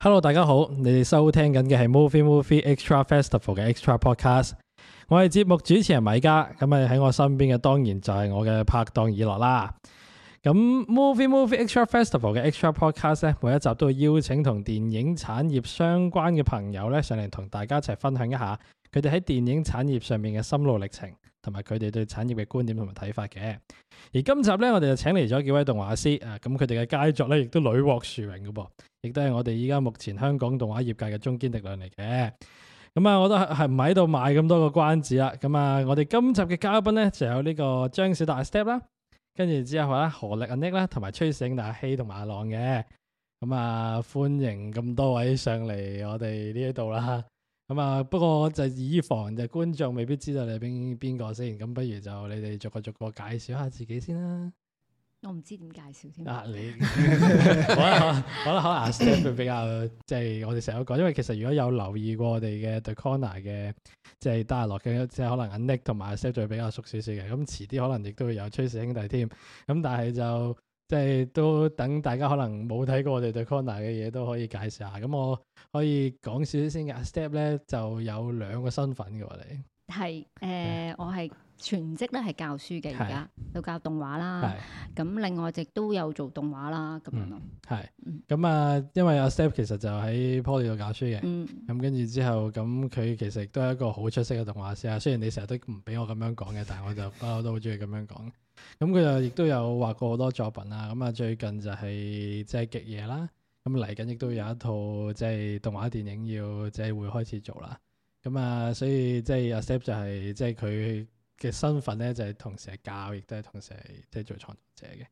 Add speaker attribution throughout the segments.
Speaker 1: Hello，大家好，你哋收聽緊嘅係 Movie Movie Extra Festival 嘅 Extra Podcast，我係節目主持人米迦，咁啊喺我身邊嘅當然就係我嘅拍檔以諾啦。咁 Movie Movie Extra Festival 嘅 Extra Podcast 咧，每一集都會邀請同電影產業相關嘅朋友咧上嚟同大家一齊分享一下佢哋喺電影產業上面嘅心路歷程。同埋佢哋對產業嘅觀點同埋睇法嘅。而今集咧，我哋就請嚟咗幾位動畫師啊。咁佢哋嘅佳作咧，亦都屢獲殊榮嘅噃，亦都係我哋依家目前香港動畫業界嘅中堅力量嚟嘅。咁啊，我都係唔喺度賣咁多個關子啦。咁啊，我哋今集嘅嘉賓咧就有呢個張小踏 Step 啦、啊，跟住之後啦何歷阿 Nick 啦，同、啊、埋崔氏阿希同阿朗嘅。咁啊，歡迎咁多位上嚟我哋呢一度啦。咁啊、嗯，不過就以防就觀眾未必知道你邊邊個先，咁不如就你哋逐個逐個介紹下自己先啦。
Speaker 2: 我唔知點介紹先。啊，你好
Speaker 1: 啦好啦好啦阿 Sa 比較即係、就是、我哋成日都講，因為其實如果有留意過我哋嘅對 Kongner 嘅即係得來落嘅，即、就、係、是、可能阿 Nick 同埋阿 Sa 就會比較熟少少嘅，咁遲啲可能亦都會有崔氏兄弟添，咁、嗯、但係就。即係都等大家可能冇睇過我哋 The Kongner 嘅嘢，都可以介紹下。咁我可以講少少先嘅。Step 咧就有兩個身份嘅喎，
Speaker 2: 你係誒我係。全職咧係教書嘅，而家是都教動畫啦。咁是另外亦都有做動畫啦。咁，
Speaker 1: 係。咁啊，因為阿 Step 其實就喺 Poly 度教書嘅。咁跟住之後，咁佢其實都係一個好出色嘅動畫師啊。雖然你成日都唔俾我咁樣講嘅，但係我就不嬲 都好中意咁樣講。咁佢又亦都有畫過好多作品啦。咁啊，最近就係即係極夜啦。咁嚟緊亦都有一套即係、就是、動畫電影要即係、就是、會開始做啦。咁啊，所以即係阿 Step 就係即係佢。就是嘅身份咧就係、係、同時係教，亦都係同時即係做
Speaker 3: 創作者嘅。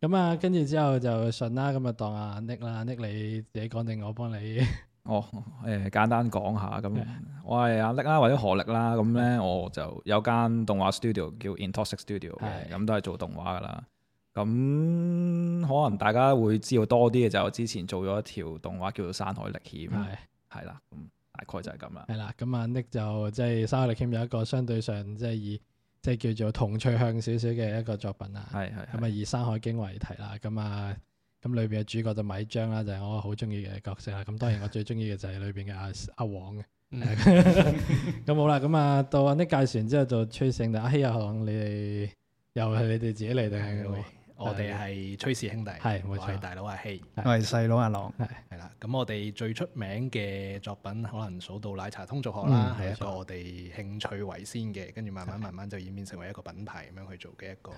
Speaker 1: 咁、嗯、啊，跟住之後就順啦，咁啊當阿 Nick 啦 Nick，Nick 你自己講定我幫你？
Speaker 3: 哦，誒、欸、簡單講下，咁我係阿 Nick 啦，或者何歷啦，咁咧我就有間動畫 studio, 叫 studio 叫 Intoxic Studio 嘅，咁都係做動畫噶啦。咁的可能大家會知道多啲嘅就係、我之前做咗一條動畫叫做《山海歷險》，係係啦，大
Speaker 1: 概就係咁啦，係啦，咁啊 Nick 就即係《山海歷險》有一個相對上即係以即係叫做童趣向少少嘅一個作品啦，係係，咁啊以《山海經》為題啦，咁啊咁裏邊嘅主角就米張啦，就係、是、我好中意嘅角色啦，咁的當然我最中意嘅就係裏邊嘅阿 阿黃嘅，咁、嗯、 好啦，咁啊到阿 Nick 介紹完之後就吹聖，阿希又可能你哋又係你哋自己嚟定係？ 我哋係崔氏兄弟，我係
Speaker 4: 大佬阿希，我係
Speaker 1: 細佬阿朗，係
Speaker 4: 啦。咁我哋最出名嘅作品可能數到奶茶通俗學啦，係一個我哋興趣為先嘅，跟住慢慢慢慢就演變成為一個品牌咁樣去做嘅一個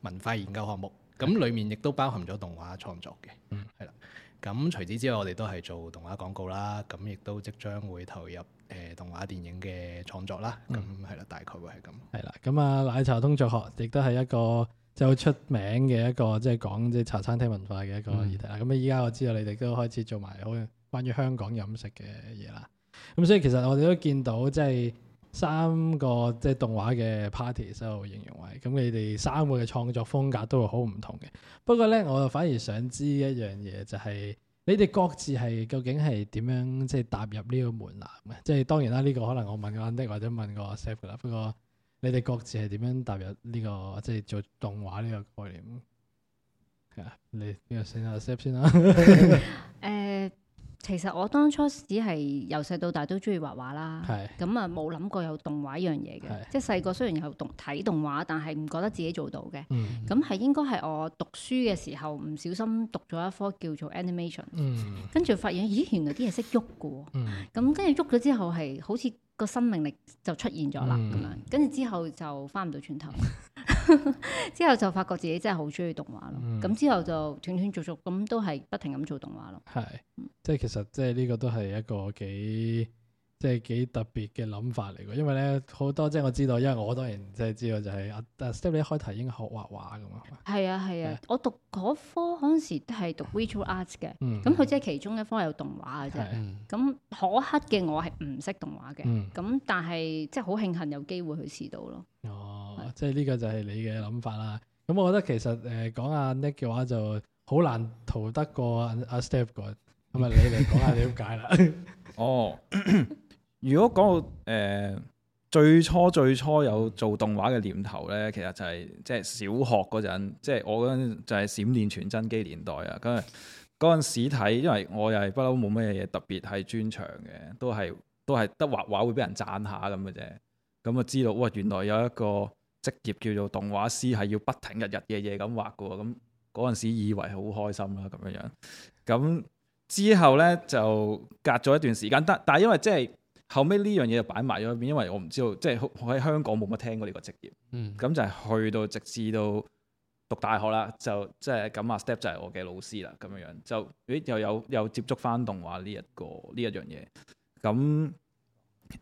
Speaker 4: 文化研究項目。咁裡面亦都包含咗動畫創作嘅，係啦。咁除此之外，我哋都係做動畫廣告啦，咁亦都即將會投入誒動畫電影嘅創作啦。咁係啦，大概會係咁。
Speaker 1: 係啦，咁啊，奶茶通俗學亦都係一個。就好出名嘅一個即係，就是，講即係茶餐廳文化嘅一個議題啦。咁啊依家我知道你哋都開始做埋好關於香港飲食嘅嘢啦。咁所以其實我哋都見到即係三個即係動畫嘅 party，我形容為咁，你哋三個嘅創作風格都會好唔同嘅。不過咧，我就反而想知一樣嘢，就係你哋各自係究竟係點樣即係踏入呢個門檻嘅？即、就、係、是，當然啦，呢、這個可能我問個 Andy 或者問個 Chef 啦。不過你哋各自係點樣踏入呢個即係做動畫呢個概念？係啊，你邊個先啊？接先啦。
Speaker 2: 誒，其實我當初只係由細到大都中意畫畫啦。係是。咁啊，冇諗過有動畫呢樣嘢嘅。是即係細個雖然有動睇動畫，但係唔覺得自己做到嘅。嗯。咁係應該係我讀書嘅時候唔小心讀咗一科叫做 Animation。嗯。跟住發現咦，原來啲嘢識喐嘅。嗯。咁、嗯、跟住喐咗之後係好似。個生命力就出現咗啦，咁樣跟住之後就翻唔到轉頭， 之後就發覺自己真係好中意動畫咯。咁、嗯、之後就斷斷續續咁都係不停咁做動畫咯。係是，嗯、
Speaker 1: 即係其實即係呢個都係一個幾。即係幾特別嘅諗法嚟嘅，因為咧好多即係我知道，因為我當然即係知道就係啊 Step，你一開頭應該學畫畫噶嘛。
Speaker 2: 係 啊係啊，我讀嗰科嗰陣時都係讀 Visual Arts 嘅，咁佢、嗯、即係其中一科有動畫嘅啫。咁、嗯、可黑嘅我係唔識動畫嘅，咁、嗯、但係即係好慶幸有機會去試到咯。哦，
Speaker 1: 是即係呢個就係你嘅諗法啦。咁我覺得其實誒講阿 Nick 嘅話就好難逃得過阿 Step 個，咁啊你嚟講下點解啦？
Speaker 3: 哦。 如果講到誒、呃、最初最初有做動畫嘅念頭咧，其實就係即係小學嗰陣，即、就、係、是、我嗰陣就係閃電傳真機年代啊！咁啊嗰陣時睇，因為我又係不嬲冇乜嘢特別係專長嘅，都係都係得畫畫會俾人讚下咁嘅啫。咁啊知道哇，原來有一個職業叫做動畫師，係要不停日日夜夜咁畫嘅喎。咁嗰陣時以為好開心啦、啊，咁樣樣。咁之後咧就隔咗一段時間，但但係因為即、就、係、是。後尾呢樣嘢就擺埋咗入邊，因為我唔知道，即係我喺香港冇乜聽過呢個職業。咁、嗯、就係去到直至到讀大學啦，就即係咁啊，Step 就係我嘅老師啦，咁樣樣就誒又有又接觸返動畫呢、這、一個呢一樣嘢。咁誒、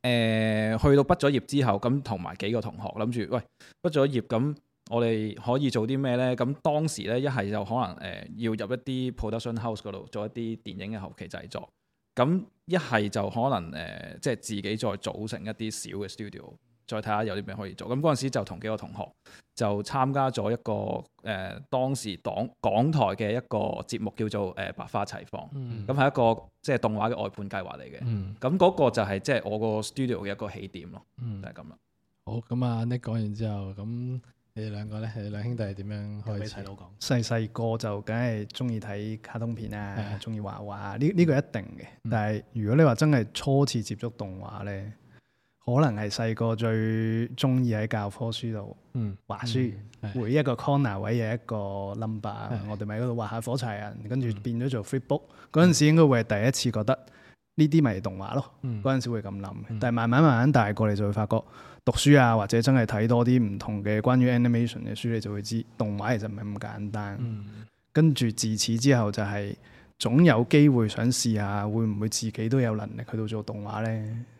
Speaker 3: 呃、去到畢咗業之後，咁同埋幾個同學諗住，喂畢咗業咁，我哋可以做啲咩咧？咁當時咧一係就可能誒、呃、要入一啲 production house 嗰度做一啲電影嘅後期製作。咁一係就可能誒、呃，即係自己再組成一啲小嘅 studio，再睇下有啲咩可以做。咁嗰陣時就同幾個同學就參加咗一個誒、呃、當時港港台嘅一個節目叫做誒、呃《百花齊放》，嗯，咁係、嗯、一個即係動畫嘅外判計劃嚟嘅。咁嗰、嗯、個就係即係我個 studio 嘅一個起點咯，嗯、就係咁啦。
Speaker 1: 好，咁啊 Nick 講完之後，咁。你哋兩個咧，你哋兩兄弟點樣開
Speaker 4: 始？細細個就梗係中意睇卡通片啊，中意、嗯、畫畫。呢、這、呢個一定嘅。但係如果你話真係初次接觸動畫咧，嗯、可能係細個最中意喺教科書度，嗯，畫書，嗯、每一個 corner 位有一個 number，< 是的 S 3> 我哋咪喺度畫下火柴人，跟住變咗做 flip book。嗰陣時應該會係第一次覺得呢啲咪動畫咯。嗰陣時會咁諗，但係慢慢慢慢大過嚟就會發覺。讀書啊，或者真係睇多啲唔同嘅關於 animation 嘅書，你就會知動畫其實唔係咁簡單。嗯、跟住自此之後就係總有機會想試下，會唔會自己都有能力去到做動畫咧？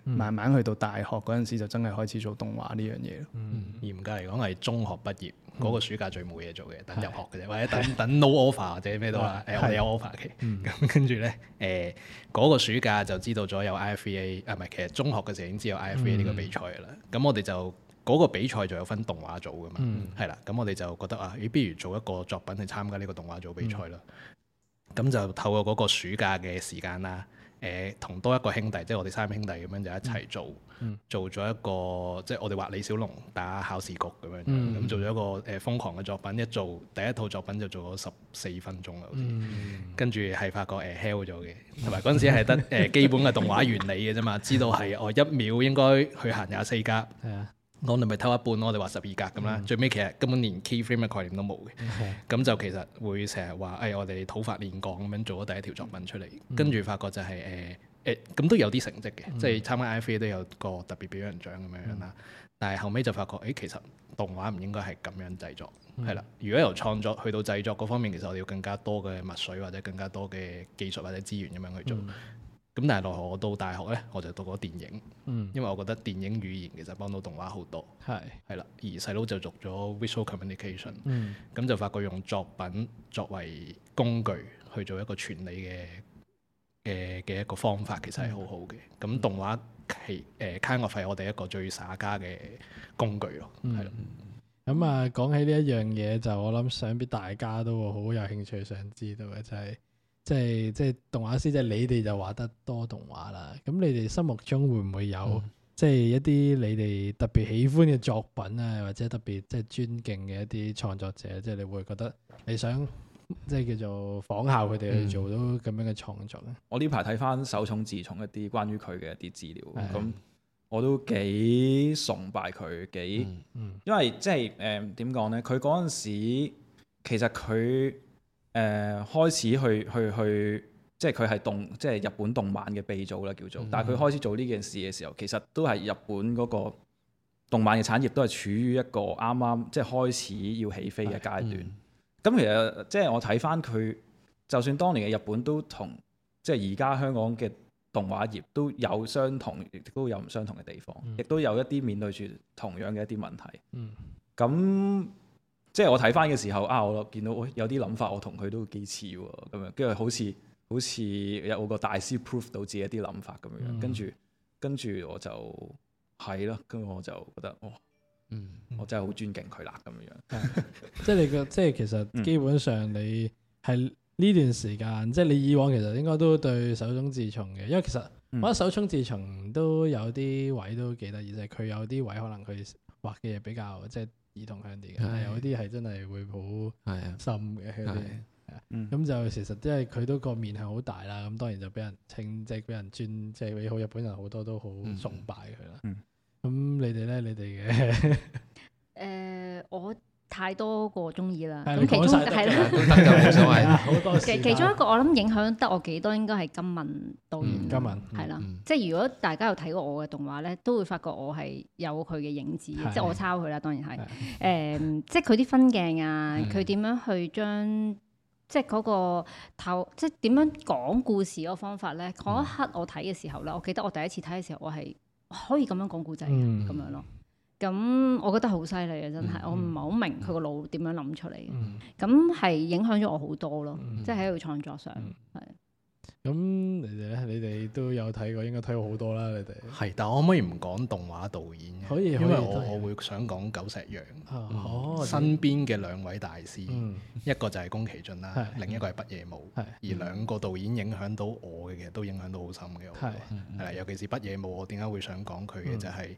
Speaker 4: 嗯、慢慢去到大學嗰陣時，就真係開始做動畫呢樣嘢。嚴格嚟講係中學畢業。嗰、嗯、個暑假最冇嘢做嘅，等入學嘅啫，的或者等等 no offer 或者咩都話，誒的、呃、我哋有 offer 嘅，咁跟住咧，誒、嗯、嗰、呃那個暑假就知道咗有 IFA，啊唔係，其實中學嘅時候已經知有 IFA 呢個比賽嘅啦。咁、嗯、我哋就嗰、那個比賽就有分動畫組㗎嘛，係啦、嗯。咁我哋就覺得啊，咦、呃，不如做一個作品去參加呢個動畫組比賽啦。咁、嗯、就透過嗰個暑假嘅時間啦，誒、呃，同多一個兄弟，即係我哋三兄弟咁樣就一齊做。嗯嗯嗯、做咗一個即係、就是、我哋話李小龍打考試局咁樣，咁、嗯、做咗一個誒、呃、瘋狂嘅作品，一做第一套作品就做咗十四分鐘啦。嗯、跟住係發覺誒 hell 咗嘅，同埋嗰陣時係得誒基本嘅動畫原理嘅啫嘛，知道係 我一秒應該去行廿四格。啊、我哋咪偷一半咯，我哋話十二格咁啦。最尾其實根本連 key frame 嘅概念都冇嘅，咁、嗯嗯、就其實會成日話誒我哋土法煉鋼咁樣做咗第一條作品出嚟，跟住發覺就係、是、誒。呃呃呃嗯誒咁、欸、都有啲成績嘅，嗯、即係參加 IFA 都有個特別表揚獎咁樣樣啦。嗯、但係後尾就發覺，誒、欸、其實動畫唔應該係咁樣製作，係啦、嗯。如果由創作去到製作嗰方面，其實我哋要更加多嘅墨水或者更加多嘅技術或者資源咁樣去做。咁、嗯、但係奈何我到大學呢，我就讀過電影，嗯、因為我覺得電影語言其實幫到動畫好多。係係啦，而細佬就讀咗 Visual Communication，咁就發覺用作品作為工具去做一個傳理嘅。嘅嘅一個方法其實係好好嘅，咁、嗯、動畫係誒開額費我哋一個最耍家嘅
Speaker 1: 工具咯，係咯、嗯。咁啊的，講、嗯、起呢一樣嘢就我諗，想必大家都好有興趣想知道嘅，就係即係即係動畫師，即、就、係、是、你哋就畫得多動畫啦。咁你哋心目中會唔會有即係、嗯、一啲你哋特別喜歡嘅作品啊，或者特別即係、就是、尊敬嘅一啲創作者，即、就、係、是、你會覺得你想，即係叫做仿效佢哋去做到咁樣嘅創作咧、嗯。
Speaker 3: 我呢排睇翻手塚治虫一啲關於佢嘅一啲資料，咁是、啊、我都幾崇拜佢，幾，嗯嗯、因為即係誒點講咧？佢嗰陣時其實佢誒、呃、開始去去去，即係佢係動，即係日本動漫嘅鼻祖啦，叫做。但係佢開始做呢件事嘅時候，其實都係日本嗰個動漫嘅產業都係處於一個啱啱即係開始要起飛嘅階段。咁其實即係我睇翻佢，就算當年嘅日本都同即係而家香港嘅動畫業都有相同，亦都有唔相同嘅地方，亦、嗯、都有一啲面對住同樣嘅一啲問題。嗯。咁即係我睇翻嘅時候啊，我見到有啲諗法我，我同佢都幾似喎。咁樣跟住好似好似有個大師 prove 到自己一啲諗法咁樣，嗯、跟住跟住我就係咯，跟住我就覺得我。嗯，我真係好尊敬佢啦，咁樣樣。
Speaker 1: 即係你個，即係其實基本上你係呢段時間，嗯、即係你以往其實應該都對手塚自虫手塚治虫嘅，因為其實我覺得手塚治虫都有啲位都幾得意，就係、是、佢有啲位可能佢畫嘅嘢比較即係兒童向啲，的但係有啲係真係會好深嘅。咁就其實即係佢都個面係好大啦，咁當然就俾人稱，即係俾人尊，即係你好日本人好多都好崇拜佢啦。嗯嗯咁你哋咧？你哋嘅
Speaker 2: 誒，我太多個中意啦。係你講晒啦，都得噶，唔所謂啦。好多時其，其中一個我諗影響得我幾多，應該係金文導演，嗯。金文係啦，嗯，即係如果大家有睇過我嘅動畫咧，都會發覺我係有佢嘅影子，的即係我抄佢啦。當然係誒，即係佢啲分鏡啊，佢點樣去將即係嗰個透，即係點樣講故事嗰個方法咧。嗰一刻我睇嘅時候咧，我記得我第一次睇嘅時候，我係。可以咁樣講古仔，咁、嗯、樣咯。咁我覺得好犀利啊！真係，嗯、我唔係好明佢個腦點樣諗出嚟嘅。咁係、嗯、影響咗我好多咯，即係喺佢創作上係。嗯
Speaker 1: 咁你哋
Speaker 4: 咧？你哋都有睇過，應該睇過好多啦。你哋係，但我可唔可以唔講動畫導演？可以，因為我我會想講狗石楊身邊嘅兩位大師，一個就係宮崎駿啦，另一個係北野武。而兩個導演影響到我嘅，其實都影響到好深嘅。尤其是北野武，我點解會想講佢嘅？就係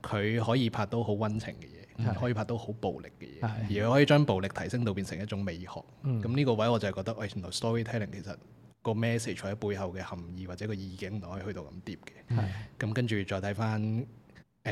Speaker 4: 佢可以拍到好溫情嘅嘢，可以拍到好暴力嘅嘢，而佢可以將暴力提升到變成一種美學。咁呢個位我就係覺得，原來 storytelling 其實。個 message 喺背後嘅含義或者個意境可以去到咁疊嘅，咁是跟住再睇翻，誒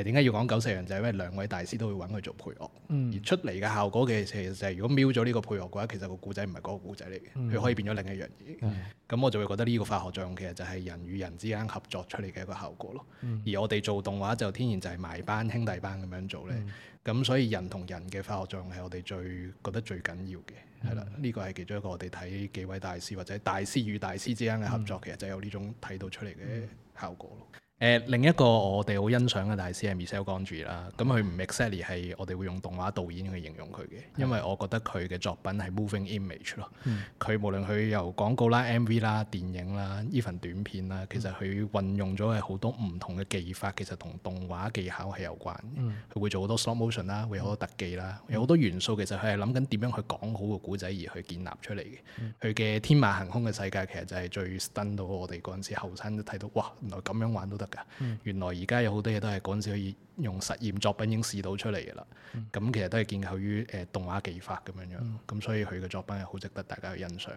Speaker 4: 點解要講久石讓？就係、是、因為兩位大師都會揾佢做配樂，嗯、而出嚟嘅效果嘅其實就係如果瞄咗呢個配樂嘅話，其實故個故仔唔係嗰個故仔嚟嘅，佢、嗯、可以變咗另一樣嘢。咁是我就會覺得呢個化學作用其實就係人與人之間合作出嚟嘅一個效果咯。嗯、而我哋做動畫就天然就係埋班兄弟班咁樣做咧。嗯咁所以人同人嘅化學作用，係我哋最覺得最緊要嘅，係啦，呢、嗯、個係其中一個，我哋睇幾位大師或者大師與大師之間嘅合作，嗯、其實就有呢種睇到出嚟嘅效果咯。另一個我哋好欣賞嘅大師係 Michel Gondry 啦，咁佢唔 exactly 係我哋會用動畫導演去形容佢嘅，的因為我覺得佢嘅作品係 moving image 咯、嗯，佢無論佢由廣告啦、MV 啦、電影啦依份短片啦，其實佢運用咗係好多唔同嘅技法，嗯、其實同動畫技巧係有關，佢、嗯、會做好多 stop motion 啦，有好多特技啦，嗯、有好多元素，其實佢係諗緊點樣去講好個古仔而去建立出嚟嘅，佢嘅、嗯、天馬行空嘅世界其實就係最 stunned 到我哋嗰陣時後生都睇到，哇！原來咁樣玩都得。嗯、原來而家有好多嘢都係陣時可以用實驗作品已經試到出嚟嘅啦。咁、嗯、其實都係建構於誒動畫技法咁樣樣。咁、嗯、所以佢嘅作品係好值得大家去欣賞、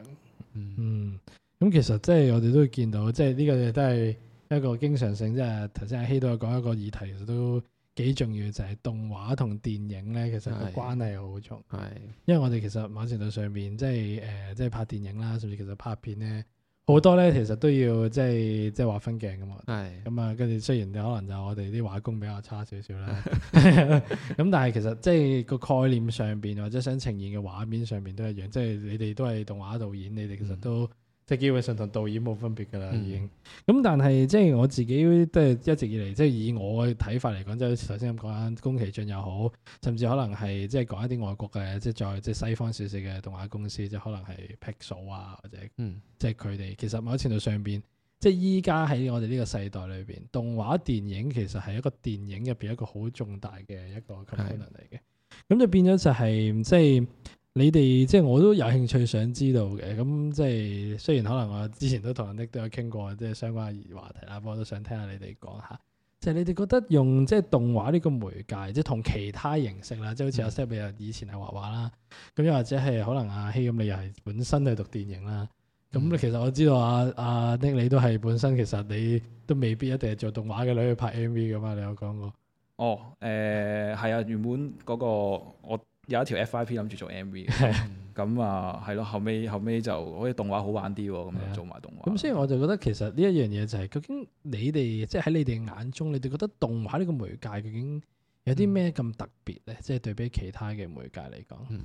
Speaker 1: 嗯。嗯，咁其實即係我哋都會見到，即係呢個嘢都係一個經常性。即係頭先阿希都有講一個議題，其實都幾重要，就係、是、動畫同電影咧，其實個關係好重。係，因為我哋其實某程度上面，即係誒，即、呃、係、就是、拍電影啦，甚至其實拍片咧。好多咧，其實都要即係即係畫分鏡咁嘛。係咁啊，跟住雖然可能就我哋啲畫工比較差少少啦，咁 但係其實即係個概念上邊或者想呈現嘅畫面上邊都一樣。即係你哋都係動畫導演，你哋其實都。即係基本上同導演冇分別㗎啦，已經咁。嗯嗯、但係即係我自己都係一直以嚟，即係以我嘅睇法嚟講，即好似頭先咁講緊宮崎駿又好，甚至可能係即係講一啲外國嘅，即係再即係西方少少嘅動畫公司，即係可能係 Pixar 啊，或者、嗯、即係佢哋。其實某程度上邊，即係依家喺我哋呢個世代裏邊，動畫電影其實係一個電影入邊一個好重大嘅一個功能嚟嘅。咁的就變咗就係、是、即係。你哋即係我都有興趣想知道嘅，咁、嗯、即係雖然可能我之前都同阿 Nick 都有傾過即係相關嘅話題啦，不過都想聽下你哋講下，即係你哋覺得用即係動畫呢個媒介，即係同其他形式啦，即係好似阿 Sam 又以前係畫畫啦，咁又或者係可能阿希咁你又係本身係讀電影啦，咁、嗯、咧、嗯、其實我知道阿、啊、阿、啊、Nick 你都係本身其實你都未必一定係做動畫嘅女去拍 MV 嘅嘛，你有講過？
Speaker 3: 哦，誒、呃、係啊，原本嗰、那個我。有一條 FIP 諗住做 MV 嘅，咁啊，係咯、嗯啊，後尾後尾就好似動畫好玩啲喎，咁就、啊、做埋
Speaker 1: 動畫。咁所以我就覺得其實呢一樣嘢就係、是、究竟你哋即係喺你哋眼中，你哋覺得動畫呢個媒介究竟有啲咩咁特別咧？即係、嗯、對比其他嘅媒介嚟講。
Speaker 2: 誒、嗯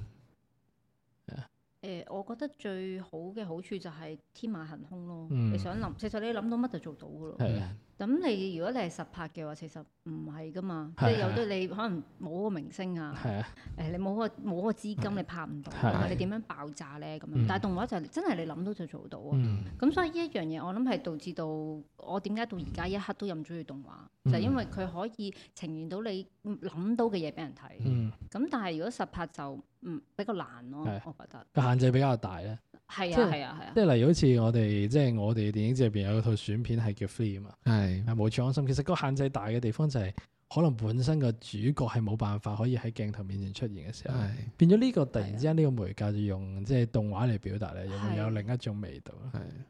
Speaker 2: 啊欸，我覺得最好嘅好處就係天馬行空咯。嗯、你想諗，其實你諗到乜就做到噶咯。咁你如果你係實拍嘅話，其實唔係噶嘛，即係有啲你可能冇個明星啊，誒，你冇個冇個資金，你拍唔到，你點樣爆炸咧咁樣？但係動畫就真係你諗到就做到啊！咁所以呢一樣嘢，我諗係導致到我點解到而家一刻都咁鍾意動畫，就係因為佢可以呈現到你諗到嘅嘢俾人睇。嗯，咁但係如果實拍就嗯，比較難咯，我覺得個
Speaker 1: 限制比較大咧。
Speaker 2: 係啊，係啊，係啊。
Speaker 1: 即係例如好似我哋即係我哋嘅電影節入邊有套選片係叫《Free》啊嘛。係冇錯心，其實個限制大嘅地方就係可能本身個主角係冇辦法可以喺鏡頭面前出現嘅時候，的變咗呢個突然之間呢個媒介就用即係動畫嚟表達咧，又有另一種味道。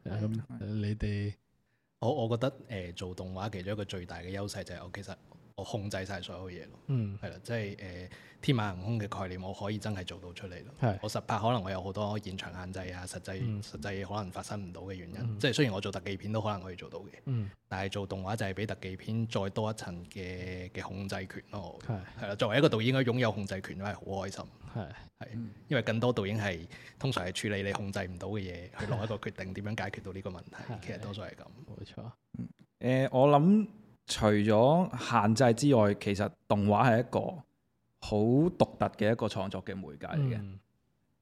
Speaker 1: 係咁，你哋
Speaker 4: 我我覺得誒、呃，做動畫其中一個最大嘅優勢就係我其實。我控制晒所有嘢咯，嗯，係啦，即係誒、呃、天馬行空嘅概念，我可以真係做到出嚟咯。係，我實拍可能我有好多現場限制啊，實際實際可能發生唔到嘅原因。嗯、即係雖然我做特技片都可能可以做到嘅，嗯、但係做動畫就係比特技片再多一層嘅嘅控制權咯。係，係啦，作為一個導演，佢擁有控制權都係好開心。係嘅，係、嗯，因為更多導演係通常係處理你控制唔到嘅嘢，去落一個決定點樣解決到呢個問題。其實多數係咁，冇錯。
Speaker 3: 誒、嗯呃，我諗。除咗限制之外，其實動畫係一個好獨特嘅一個創作嘅媒介嚟嘅。嗯、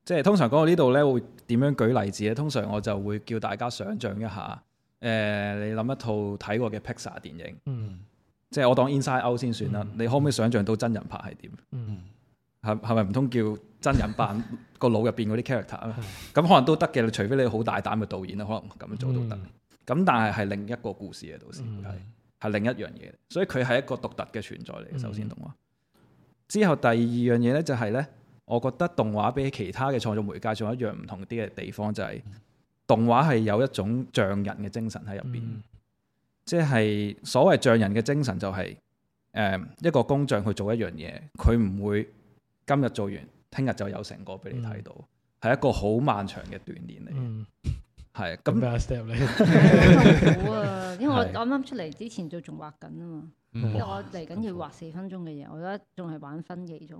Speaker 3: 即係通常講到呢度咧，會點樣舉例子咧？通常我就會叫大家想像一下。誒、呃，你諗一套睇過嘅 Pixar 電影，嗯、即係我當 Inside Out 先算啦。嗯、你可唔可以想像到真人拍係點？係係咪唔通叫真人扮 個腦入邊嗰啲 character 啊？咁、嗯、可能都得嘅，除非你好大膽嘅導演啦，可能咁樣做都得。咁、嗯、但係係另一個故事啊，到時會係另一樣嘢，所以佢係一個獨特嘅存在嚟，首先動畫。之後第二樣嘢咧就係咧，我覺得動畫比其他嘅創作媒介仲有一樣唔同啲嘅地方，就係、是、動畫係有一種匠人嘅精神喺入邊。嗯、即係所謂匠人嘅精神，就係誒一個工匠去做一樣嘢，佢唔會今日做完，聽日就有成果俾你睇到，係、嗯、一個好漫長嘅鍛煉嚟。嗯係咁咩 step 咧？痛苦啊！因為我啱
Speaker 2: 啱出嚟之前就仲畫緊啊嘛，我嚟緊要畫四分鐘嘅嘢，我而家仲係玩分幾鐘。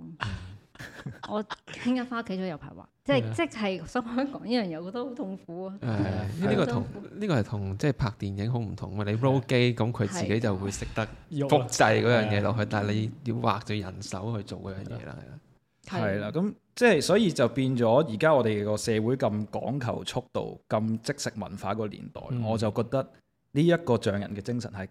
Speaker 2: 嗯、我啱啱翻屋企都有排畫，嗯、即係即係想講一講呢樣嘢，我覺得好痛苦啊！呢 是 個同
Speaker 5: 呢、這個係同即係拍電影好唔同啊！你 roll 機咁佢自己就會識得複製嗰樣嘢落去，嗯、但係你要畫
Speaker 3: 咗人手去做嗰樣嘢啦，係啦對，係啦，咁。即係所以就變咗而家我哋個社會咁講求速度，咁即食文化個年代，嗯、我就覺得呢一個匠人嘅精神係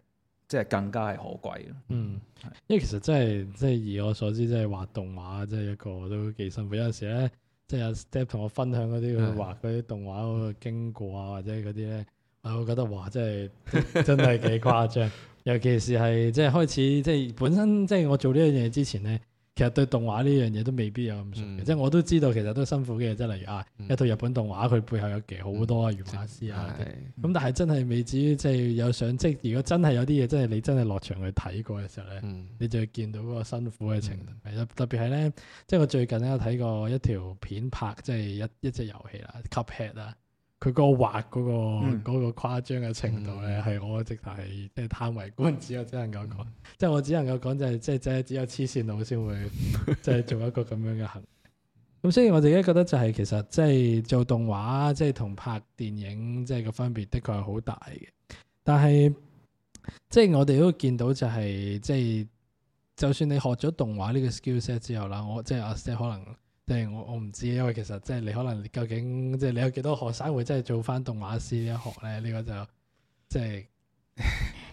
Speaker 3: 即係更加係可貴嘅。嗯，是
Speaker 1: 因為其實真係即係以我所知，即係畫動畫，即係一個都幾辛苦。有陣時咧，即係 Step 同我分享嗰啲畫嗰啲動畫嗰個經過啊，或者嗰啲咧，的我會覺得哇，真係真係幾誇張。 尤其是係即係開始，即係本身即係我做呢一樣嘢之前咧。其實對動畫呢樣嘢都未必有咁熟嘅，嗯、即係我都知道其實都辛苦嘅。即係例如啊，嗯、一套日本動畫佢背後有幾好多原畫師啊，咁、嗯嗯、但係真係未至於即係有相即係如果真係有啲嘢，真係你真係落場去睇過嘅時候咧，嗯、你就會見到嗰個辛苦嘅程度。嗯、特別係咧，即係我最近咧有睇過一條片拍，即、就、係、是、一一隻遊戲啦，Cuphead 啦。佢個畫嗰、那個嗰、嗯、個誇張嘅程度咧，係我直頭係即係嘆為觀止，只能夠講，即係我只能夠講、嗯就是，就係即係即係只有痴線佬先會即係、就是、做一個咁樣嘅行。咁 雖然我自己覺得就係、是、其實即係做動畫即係同拍電影即係個分別，的確係好大嘅。但係即係我哋都見到就係即係，就是、就算你學咗動畫呢個 skill set 之後啦，我即係阿 Sir 可能。即係我我唔知，因為其實即係你可能究竟即係、即係、你有幾多學生會真係做翻動畫師呢一學咧？呢、呢個就即係、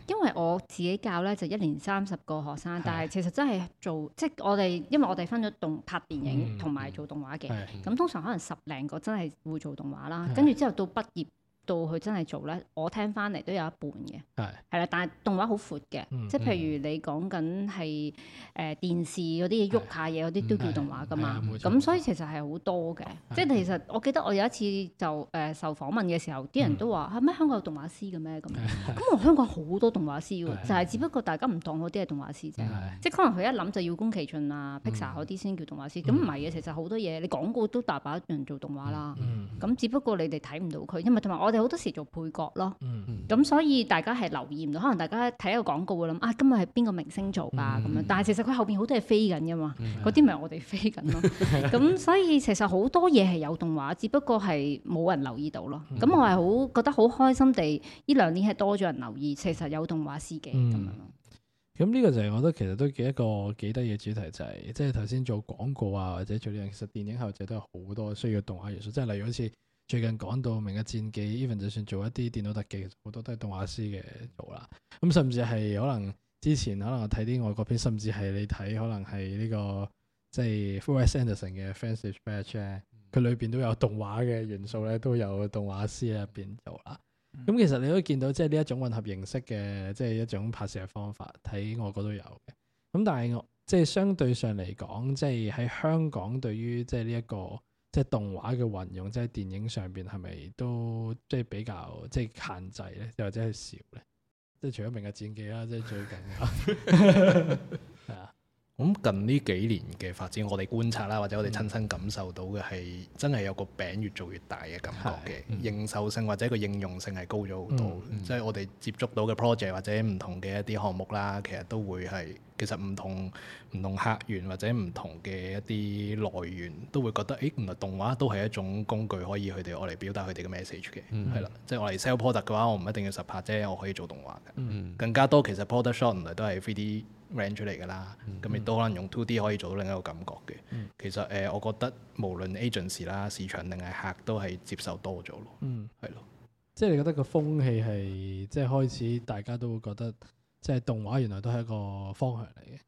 Speaker 1: 即係、
Speaker 2: 因為我自己教咧就一年三十個學生，的但係其實真係做即係我哋因為我哋分咗動拍電影同埋做動畫嘅，咁、嗯、通常可能十零個真係會做動畫啦，的跟住之後到畢業。到佢真係做咧，我聽翻嚟都有一半嘅，係啦，但係動畫好闊嘅，即係譬如你講緊係誒電視嗰啲嘢喐下嘢，嗰啲都叫動畫噶嘛，咁所以其實係好多嘅，即係其實我記得我有一次就誒受訪問嘅時候，啲人都話係咩香港有動畫師嘅咩咁，咁我香港好多動畫師喎，就係只不過大家唔當嗰啲係動畫師啫，即係可能佢一諗就要宮崎駿啊、Pixar 嗰啲先叫動畫師，咁唔係嘅，其實好多嘢你廣告都大把人做動畫啦，咁只不過你哋睇唔到佢，因為同埋我。我哋好多時做配角咯，咁、嗯、所以大家係留意唔到，可能大家睇一個廣告會諗啊，今日係邊個明星做啊咁樣，嗯、但係其實佢後邊好多係飛緊噶嘛，嗰啲咪我哋飛緊咯，咁、嗯、 所以其實好多嘢係有動畫，只不過係冇人留意到咯。咁、嗯、我係好覺得好開心地，呢兩年係多咗人留意，其實有動畫師嘅。咁、
Speaker 1: 嗯、樣咯。咁呢、嗯、個就係我覺得其實都幾一個幾得意嘅主題、就是，就係即係頭先做廣告啊，或者做呢、這、嘢、個，其實電影後者都有好多需要動畫元素，即係例如好似。最近講到明日戰記，even 就算做一啲電腦特技，好多都係動畫師嘅做啦。咁甚至係可能之前可能我睇啲外國片，甚至係你睇可能係呢、呢個即係 Wes Anderson 嘅《French Dispatch》咧，佢裏邊都有動畫嘅元素咧，都有動畫師喺入邊做啦。咁、嗯、其實你都可以見到即係呢一種混合形式嘅即係一種拍攝嘅方法，睇外國都有嘅。咁但係即係相對上嚟講，即係喺香港對於即係呢一個。即係動畫嘅運用，即係電影上面係咪都即係比較即係限制呢，又或者係少呢？即係除咗明日戰記啦，即係最近。 咁
Speaker 4: 近呢幾年嘅發展，我哋觀察啦，或者我哋親身感受到
Speaker 1: 嘅係真係有個
Speaker 4: 餅越做越大嘅感覺嘅，嗯、應受性或者個應用性係高咗好多。即係、嗯嗯、我哋接觸到嘅 project 或者唔同嘅一啲項目啦，其實都會係其實唔同唔同客源或者唔同嘅一啲來源都會覺得，誒原來動畫都係一種工具可以佢哋攞嚟表達佢哋嘅 message 嘅，係啦、嗯。即係我攞嚟 sell product 嘅話，我唔一定要實拍啫，我可以做動畫嘅。嗯嗯、更加多其實 product shot 原來都係 3D。range 出嚟㗎啦，咁亦、嗯、都可能用 two D 可以做到另一個感覺嘅。嗯、其實誒，我覺得無論 agency 啦、市場定係客都係接受多咗、嗯、咯。
Speaker 1: 嗯，係咯，即係你覺得個風氣係即係開始，大家都會覺得即係動畫原來都係一個方向嚟嘅。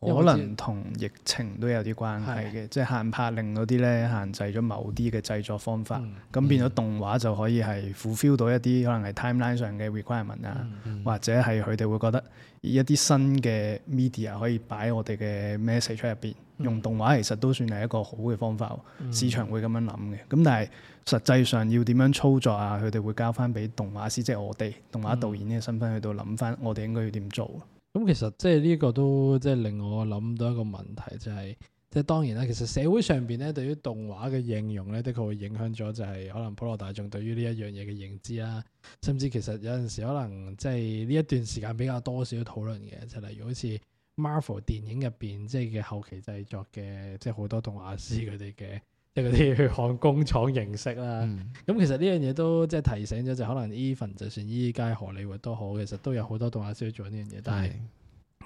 Speaker 1: 可能
Speaker 4: 同疫情都有啲關係嘅，吧即係限拍令嗰啲咧，限制咗某啲嘅製作方法，咁、嗯、變咗動畫就可以係 fulfill 到一啲可能係 timeline 上嘅 requirement 啊、嗯，嗯、或者係佢哋會覺得以一啲新嘅 media 可以擺我哋嘅 message 入邊，嗯、用動畫其實都算係一個好嘅方法、嗯、市場會咁樣諗嘅，咁、嗯、但係實際上要點樣操作啊？佢哋會交翻俾動畫師，即、就、係、是、我哋動畫導
Speaker 1: 演嘅身份去到諗翻，我哋應該要點做？咁其實即係呢個都即係令我諗到一個問題，就係即係當然啦。其實社會上邊咧對於動畫嘅應用咧，的確會影響咗，就係可能普羅大眾對於呢一樣嘢嘅認知啦。甚至其實有陣時可能即係呢一段時間比較多少討論嘅，就係、例如好似 Marvel 電影入邊即係嘅後期製作嘅，即係好多動畫師佢哋嘅。即係啲血汗工廠形式啦，咁、嗯嗯嗯、其實呢樣嘢都即係提醒咗，就可能 Even 就算依家荷里活都好，其實都有好多動畫需要做呢樣嘢。但係咁、嗯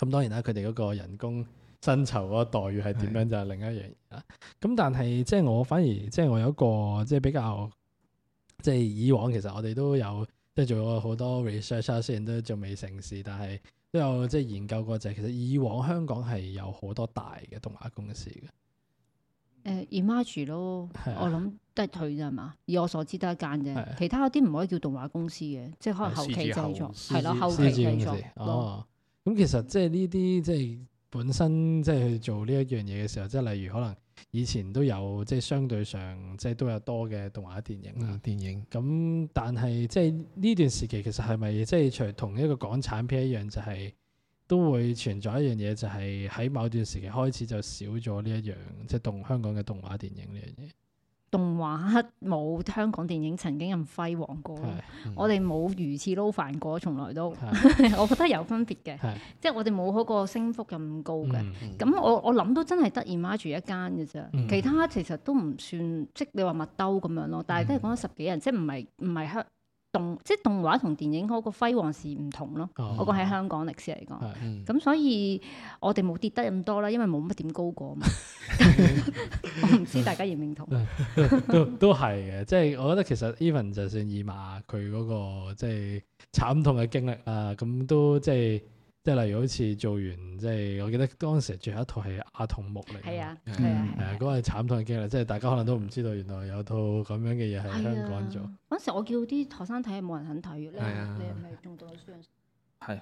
Speaker 1: 嗯、當然啦、啊，佢哋嗰個人工薪酬嗰待遇係點樣、嗯、就係另一樣啦。咁、嗯、但係即係我反而即係我有一個即係比較即係以往其實我哋都有即係做過好多 research 雖然都仲未成事，但係都有即係研究過就係、是、其實以往香港係有好多大嘅動畫公司嘅。
Speaker 2: 誒、uh, Imagine 咯，啊、我諗都係退啫嘛。以我所知得一間啫，啊、其他嗰啲唔可以叫動畫公司嘅，即係可能後期製作，係囉，後，吧至後期製作。哦、
Speaker 1: 咁、哦、其實即係呢啲即係本身即係去做呢一樣嘢嘅時候，即係例如可能以前都有即係相對上即係都有多嘅動畫電影啊，嗯、電影。咁但係即係呢段時期其實係咪即係除同一個港產片一樣就係、是？都會存在一樣嘢，就係、是、喺某段時期開始就少咗呢一樣，即係動香港嘅動畫電影呢樣嘢。
Speaker 2: 動畫冇香港電影曾經咁輝煌過，嗯、我哋冇魚翅撈飯過，從來都，是 我覺得有分別嘅。是即係我哋冇嗰個升幅咁高嘅。咁、嗯嗯、我我諗都真係得意，媽住一間嘅啫，其他其實都唔算，即係你話麥兜咁樣咯。嗯、但係都係講咗十幾人，即係唔係唔係香。動即係動畫同電影嗰個輝煌時唔同咯，哦嗯、我講喺香港歷史嚟講，咁、嗯、所以我哋冇跌得咁多啦，因為冇乜點高過嘛。嗯、 我唔知大家認唔認同？都
Speaker 1: 都係嘅，即係我覺得其實 Even 就算二馬佢嗰個即係慘痛嘅經歷啊，咁都即係。即係例如好似做完，即係我記得當時最後一套係阿童木嚟，係
Speaker 2: 啊，
Speaker 1: 係、嗯、啊，嗰個係慘痛嘅經歷，即係大家可能都唔知道，原來有套咁樣嘅嘢喺香港做。嗰
Speaker 2: 陣、啊、時我叫啲學生睇，冇人肯睇。你係咪中到咗雙？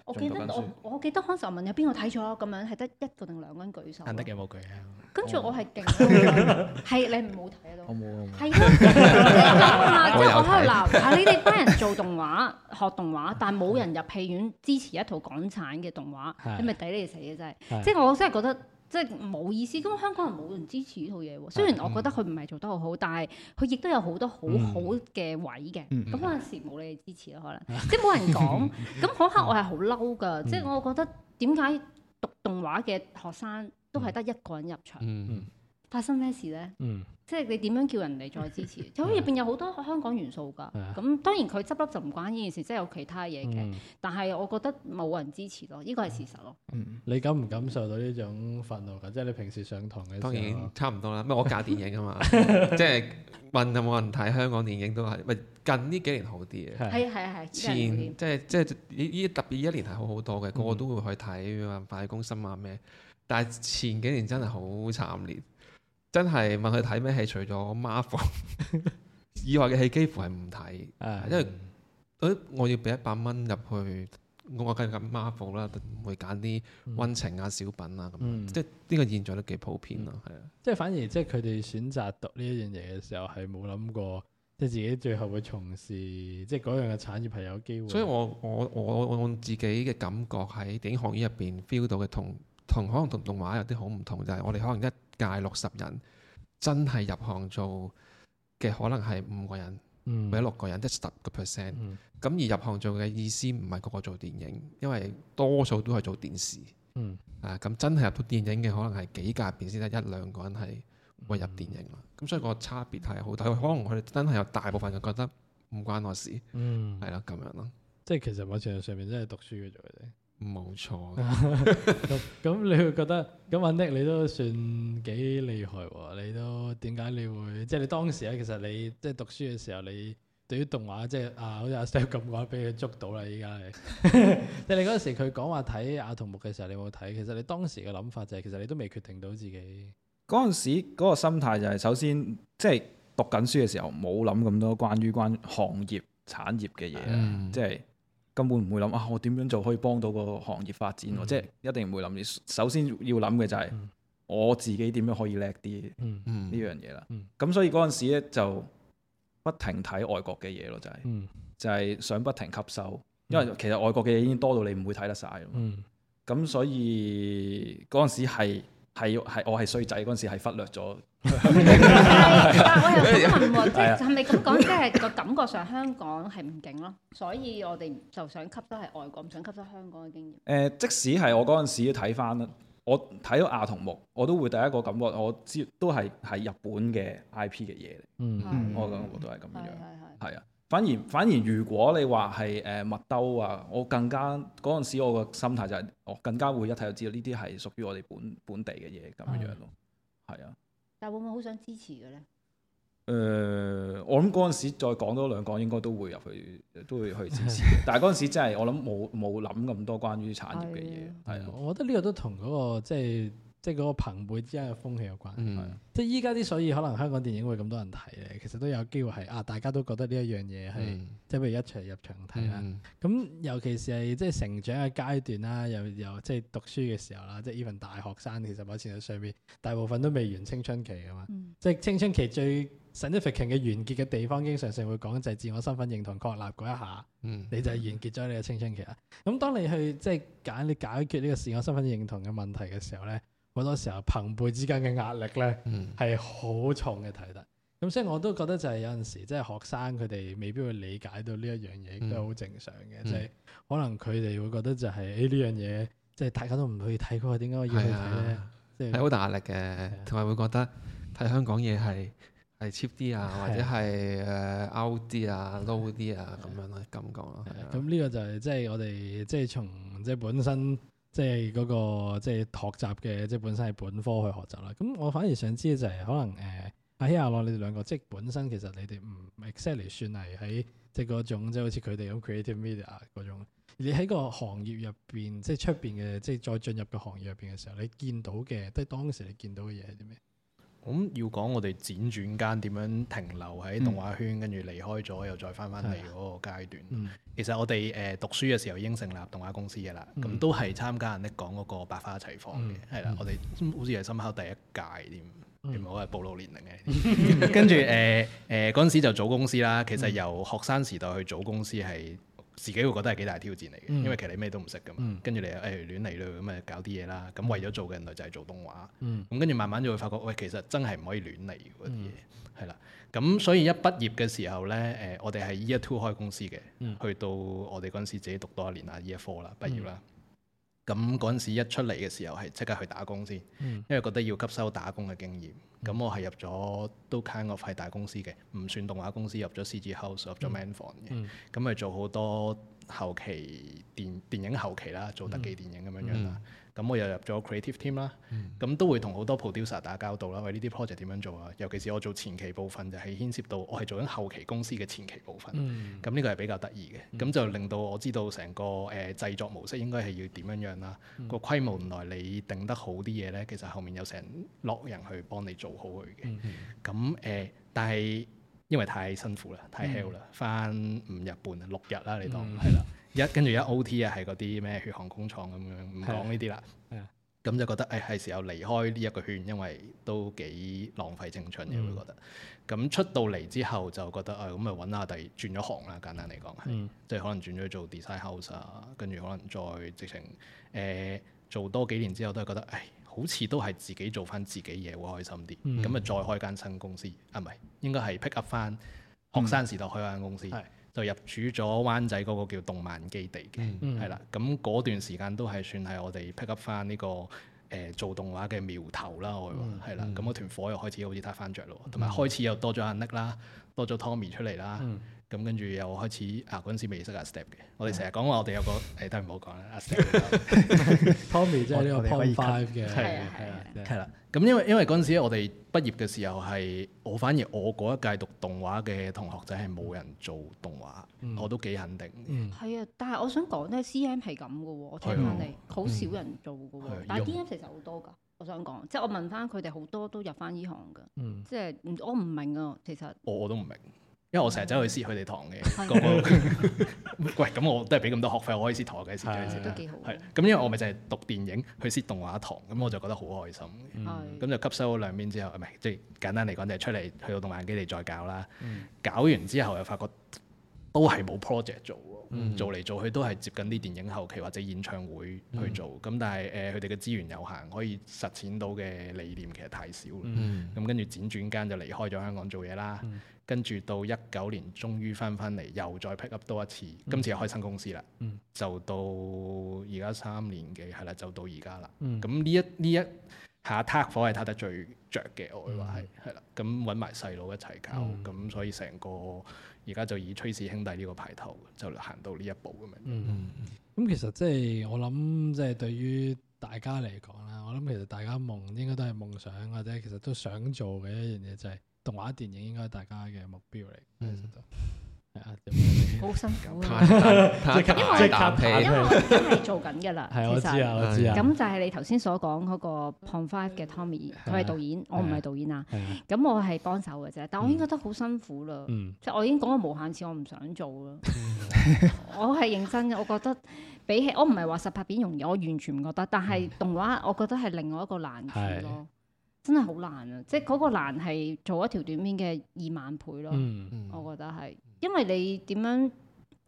Speaker 2: 我記得我我記得嗰陣時問有邊個睇咗咁樣，係得一個定兩個人舉手。肯德有冇舉啊？
Speaker 3: 跟住我係勁，係 你
Speaker 2: 唔好睇都。我冇。係啊，即係我喺度鬧，你哋班人做動畫學動畫，但係冇人入戲院支持一套港產嘅動畫，的的你咪抵你哋死嘅真係。即係的的我真係覺得。即係冇意思，咁香港人冇人支持呢套嘢喎。雖然我覺得佢唔係做得好好，但係佢亦都有好多好好嘅位嘅。咁嗰陣時冇你支持咯，可能即係冇人講。咁嗰 刻我係好嬲㗎， 即係我覺得點解讀動畫嘅學生都係得一個人入場？ 嗯嗯嗯發生咩事咧？即係你點樣叫人哋再支持？就好似入邊有好多香港元素㗎。咁當然佢執笠就唔關呢件事，即係有其他嘢嘅。但係我覺得冇人支持咯，呢個係事實咯。
Speaker 1: 你感唔感受到呢種憤怒㗎？即係你平時上堂嘅，當然差
Speaker 5: 唔多啦。咪我教電影啊嘛，即係問有冇人睇香港電影都係咪近呢幾年好啲嘅，係係係。前即係即係呢呢特別呢一年係好好多嘅，個個都會去睇啊，擺公心啊咩？但係前幾年真係好慘烈。真係問佢睇咩戲，除咗 Marvel 以外嘅戲，幾乎係唔睇，哎、呀因為我我要俾一百蚊入去，我梗係揀 Marvel 啦、嗯，唔會揀啲溫情啊、小品啊咁。嗯、即係呢個現象都幾普遍咯，係啊、嗯。
Speaker 1: 即係的反而即係佢哋選擇讀呢一樣嘢嘅時候，係冇諗過即係、就是、自己最後會從事即係嗰樣嘅產業係有機會。所以我我我
Speaker 5: 我自己嘅感覺喺電影行業入邊 feel 到嘅同同可能同動畫有啲好唔同，就係、是、我哋可能一。嗯.界六十人，真係入行做嘅可能係五個人，或者六個人，即十個 percent，嗯。咁而入行做嘅意思唔係個個做電影，因為多數都係做電視。嗯、啊，咁真係入到電影嘅可能係幾屆入邊先得一兩個人係會入電影啦。咁、嗯、所以個差別係好大，可能佢哋真係有大部分就覺得唔關我事，係咯咁樣咯，嗯。
Speaker 1: 即係其實舞台上面真係讀書嘅啫。冇錯，咁 你會覺得咁阿 Nic，你都算幾厲害喎！你都點解你會？即係你當時咧，其實你即係讀書嘅時候，你對於動畫，即係啊，好似阿 Sam 咁講，俾佢捉到啦！依家你， 即係你嗰陣時佢講話睇阿童木嘅時候，你有冇睇？其實你當時嘅諗法就係，其實你都未決定到自己
Speaker 3: 嗰陣時嗰個心態就係，首先即係、就是、讀緊書嘅時候冇諗咁多關於關於行業產業嘅嘢，即係、 就是。根本唔會諗啊！我點樣做可以幫到個行業發展？嗯、即係一定唔會諗。首先要諗嘅就係、是嗯、我自己點樣可以叻啲呢樣嘢啦。咁、嗯、所以嗰陣時咧就不停睇外國嘅嘢咯，就係、是嗯、就係想不停吸收。嗯、因為其實外國嘅嘢已經多到你唔會睇得晒。咁、嗯、所以嗰陣時係。係要係我係衰仔嗰陣時係忽略咗， 但係我又想問喎，即係係咪咁講，即係
Speaker 2: 是、啊、個感覺上香港係唔勁咯，所以我哋就想吸收係外國，唔想吸收香港嘅經驗。
Speaker 3: 誒， 即使係我嗰陣時都睇翻啦，我睇到阿童木，我都會第一個感覺，我知都係係日本嘅 I P 嘅嘢嚟，嗯，我感覺我都係咁樣，係啊。反而，反而如果你話係誒，麥兜啊，我更加嗰陣時我個心態就係、是、我更加會一睇就知道呢啲係屬於我哋本本地嘅嘢咁樣咯，係啊。
Speaker 2: 但會唔會好想支持嘅咧？誒、
Speaker 3: 呃，我諗嗰陣時再講多兩個應該都會入去，都會去支持。的但係嗰陣時真係我諗冇冇諗咁多關於產業嘅嘢。係啊，我
Speaker 1: 覺得呢個都同嗰、那個即係。就是即係嗰個朋輩之間嘅風氣有關係。嗯、即係依家啲所以可能香港電影會咁多人睇咧，其實都有機會係啊，大家都覺得呢一樣嘢係，嗯、即係譬如一齊入場睇啦。咁、嗯嗯、尤其是係即係成長嘅階段啦，又又即係讀書嘅時候啦，即係 even 大學生其實某程度上邊，大部分都未完青春期㗎嘛。嗯、即係青春期最 significant 嘅完結嘅地方，經常性會講就係自我身份認同確立嗰一下，嗯、你就係完結咗你嘅青春期啦。咁、嗯嗯嗯、當你去即係揀你解決呢個自我身份認同嘅問題嘅時候咧。好多時候，朋輩之間嘅壓力咧，係好重嘅體質。咁所以我都覺得就係有陣時，即係學生佢哋未必會理解到呢一樣嘢，都係好正常嘅。即係可能佢哋會覺得就係誒呢樣嘢，即係大家都唔去睇嗰個，點解我要去睇咧？即係係好
Speaker 5: 大壓力嘅，同埋會覺得睇香港嘢係係 cheap 啲啊，或者係誒 out 啲啊、low 啲啊咁樣嘅感覺咯。
Speaker 1: 咁呢個就係即係我哋即係從即係本身。即係、那、嗰個即係學習嘅，即係本身係本科去學習啦。咁我反而想知就係可能誒阿希亞朗，你哋兩個即係本身其實你哋唔 exactly 算係喺即係嗰種即係好似佢哋咁 creative media 嗰種。你喺個行業入邊，即係出邊嘅，即係再進入個行業入邊嘅時候，你見到嘅即係當時你見到嘅嘢係啲咩？
Speaker 4: 咁要講我哋輾轉間點樣停留喺動畫圈，跟住、嗯、離開咗又再翻翻嚟嗰個階
Speaker 1: 段。嗯、
Speaker 4: 其實我哋誒讀書嘅時候已經成立動畫公司嘅啦，咁、嗯、都係參加人哋講嗰個百花齊放嘅，係啦。我哋好似係深考第一屆添，唔我係暴露年齡嘅。 跟住誒誒嗰陣時就組公司啦。其實由學生時代去組公司係。自己會覺得係幾大挑戰嚟嘅，因為其實你咩都唔識噶嘛，跟住、嗯、你誒亂嚟咯，咁誒搞啲嘢啦，咁為咗做嘅人類就係做動畫，咁跟住慢慢就會發覺，喂其實真係唔可以亂嚟嗰啲嘢，係啦、嗯，咁所以一畢業嘅時候呢，誒、呃、我哋係 Year Two 開公司嘅，嗯、去到我哋嗰陣時自己讀多一年啦 Year Four 啦，畢業啦。嗯咁嗰陣時一出嚟嘅時候係即刻去打工先，嗯、因為覺得要吸收打工嘅經驗。咁、嗯、我係入咗都 kind of 係大公司嘅，唔算動畫公司，入咗 CG House，入咗 Man 房嘅。咁咪、嗯、做好多後期電電影後期啦，做特技電影咁樣樣啦。嗯嗯咁我又入咗 creative team 啦，咁、嗯、都會同好多 producer 打交道啦。喂，呢啲 project 點樣做啊？尤其是我做前期部分，就係牽涉到我係做緊後期公司嘅前期部分。咁呢、嗯、個係比較得意嘅，咁、嗯、就令到我知道成個誒、呃、製作模式應該係要點樣樣啦。嗯、個規模原來你定得好啲嘢呢，其實後面有成落人去幫你做好佢嘅。咁誒、嗯嗯呃，但係因為太辛苦啦，太 hell 啦，翻五、嗯、日半六日啦，你當係啦。一跟住一 OT 啊，係嗰啲咩血汗工廠咁樣，唔講呢啲啦。係，咁就覺得誒係、哎、時候離開呢一個圈，因為都幾浪費青春嘅會覺得。咁出到嚟之後就覺得啊，咁咪揾下第二轉咗行啦，簡單嚟講係，即係、嗯、可能轉咗做 design house 啊，跟住可能再直情誒、呃、做多幾年之後都係覺得誒、哎，好似都係自己做翻自己嘢會開心啲。咁啊、嗯、再開間新公司啊，唔係，應該係 pick up 翻學生時代開嗰間公司。嗯嗯就入主咗灣仔嗰個叫動漫基地嘅，係啦、嗯，咁嗰段時間都係算係我哋 pick up 翻呢個誒、呃、做動畫嘅苗頭啦，我會話係啦，咁個、嗯、團火又開始好似打翻着咯，同埋、嗯、開始又多咗阿 Nick 啦，多咗 Tommy 出嚟啦。嗯咁跟住又開始，啊嗰陣時未識阿 Step 嘅，我哋成日講話我哋有個誒都唔好講啦。Tommy e p t 即係我哋呢個 Tommy Five 嘅，係係啦。咁因為因為嗰陣時咧，我哋畢業嘅時候係我反而我嗰一屆讀動畫嘅同學仔係冇人做動畫，我都幾肯定。
Speaker 2: 嗯，係啊，但係我想講咧，CM 係咁嘅喎，我聽翻你，好少人做嘅喎，但係 DM 其實好多噶。我想講，即係我問翻佢哋好多都入翻呢行嘅，嗯，即係我唔明啊，其實我
Speaker 4: 我都唔明。因為我成日走去試佢哋堂嘅。喂，咁我都係俾咁多學費，我可以試堂嘅，所以都幾好。係咁，因為我咪就係讀電影去試動畫堂，咁我就覺得好開心。咁的就吸收咗兩邊之後，唔係即係簡單嚟講就係出嚟去到動漫基地再搞啦。的搞完之後又發覺。都係冇 project 做、嗯、做嚟做去都係接近啲電影後期或者演唱會去做，咁、嗯、但係誒佢哋嘅資源有限，可以實踐到嘅理念其實太少啦。咁、嗯、跟住輾轉間就離開咗香港做嘢啦，嗯、跟住到一九年終於翻翻嚟，又再 pick up 多一次，嗯、今次又開新公司、嗯、啦。就到而家三年幾係啦，就到而家啦。咁呢一呢一。下塔火係塔得最著嘅，我會話係係啦。咁揾埋細佬一齊搞，咁、嗯、所以成個而家就以崔氏兄弟呢、這個牌頭就行到呢一步咁
Speaker 5: 樣、
Speaker 1: 嗯。嗯，咁、嗯嗯、其實即、就、係、是、我諗，即係對於大家嚟講啦，我諗其實大家夢應該都係夢想或者其實都想做嘅一樣嘢，就係、是、動畫電影應該係大家嘅目標嚟。嗯
Speaker 2: 好辛苦啊！即刻，因為我真係做緊嘅啦。係我知啊，我知啊。咁就係你頭先所講嗰個《Point Five》嘅 Tommy，佢係導演，我唔係導演啊。咁我係幫手嘅啫，但我已經覺得好辛苦啦。即係我已經講過無限次，我唔想做啦。我係認真嘅，我覺得比起我唔係話實拍片容易，我完全唔覺得。但係動畫，我覺得係另外一個難處咯，真係好難啊！即係嗰個難係做一條短片嘅二萬倍咯。我覺得係。因為你點樣？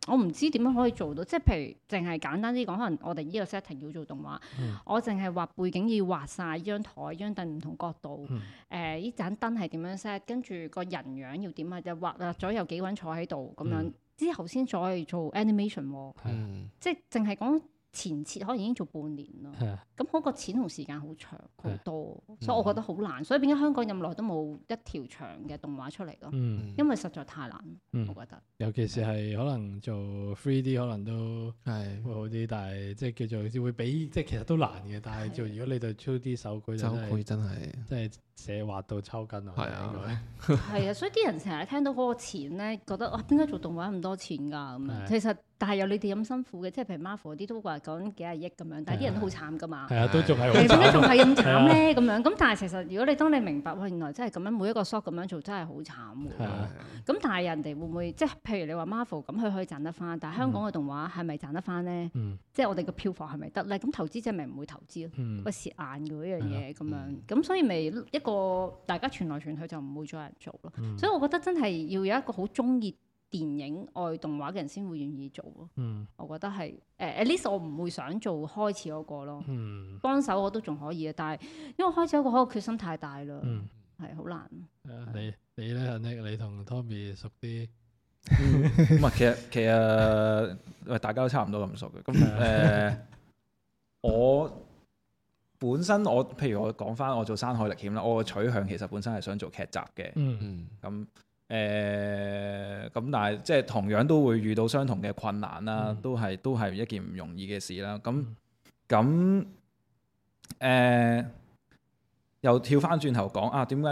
Speaker 2: 我唔知點樣可以做到。即係譬如，淨係簡單啲講，可能我哋呢個 setting 要做動畫，嗯、我淨係畫背景要畫晒呢張台、呢、嗯、張凳唔同角度。誒、呃，呢盞燈係點樣 set？跟住個人樣要點啊？就畫啊，左右幾個人坐喺度咁樣，嗯、之後先再做 animation。嗯，即係淨係講。前切可能已經做半年咯，咁嗰個錢同時間好長好多，所以我覺得好難。所以點解香港咁耐都冇一條長嘅動畫出嚟咯？因為實在太難，我覺得。
Speaker 1: 尤其是係可能做 three D 可能都係會好啲，但係即係叫做會比即係其實都難嘅。但係做如果你就 two D 手攰真係，真係寫畫到抽筋啊！
Speaker 2: 係啊，係啊，所以啲人成日聽到嗰個錢咧，覺得啊，點解做動畫咁多錢㗎咁啊？其實。但係有你哋咁辛苦嘅，即係譬如 Marvel 嗰啲都話講幾廿億咁樣，但係啲人都好慘噶嘛。係啊，都仲係。仲係咁慘咧？咁、 啊、樣咁，但係其實如果你當你明白，哇，原來真係咁樣每一個 shot 咁樣做真係好慘㗎。係咁、啊、但係人哋會唔會即係譬如你話 Marvel 咁，佢可以賺得翻，但係香港嘅動畫係咪賺得翻咧？即係、嗯、我哋個票房係咪得咧？咁投資者咪唔會投資咯。嗯。咪蝕眼嘅嗰樣嘢咁樣，咁、嗯嗯、所以咪一個大家傳來傳去就唔會再有人做咯。嗯、所以我覺得真係要有一個好中意。電影愛動畫嘅人先會願意做咯，嗯，我覺得係誒，at least 我唔會想做開始嗰、那個咯，嗯，幫手我都仲可以啊，但係因為開始嗰、那個可能、那個、決心太大啦，嗯，係好難。
Speaker 1: 啊、是你你咧，你同 Tommy 熟
Speaker 3: 啲？咁啊、 嗯，其實其實喂，大家都差唔多咁熟嘅。咁誒，我本身我譬如我講返我做山海歷險啦，我個取向其實本身係想做劇集嘅，
Speaker 5: 嗯
Speaker 3: 嗯，咁、嗯。誒，咁、呃、但係即係同樣都會遇到相同嘅困難啦，都係都係一件唔容易嘅事啦。咁咁誒，又跳翻轉頭講啊，點解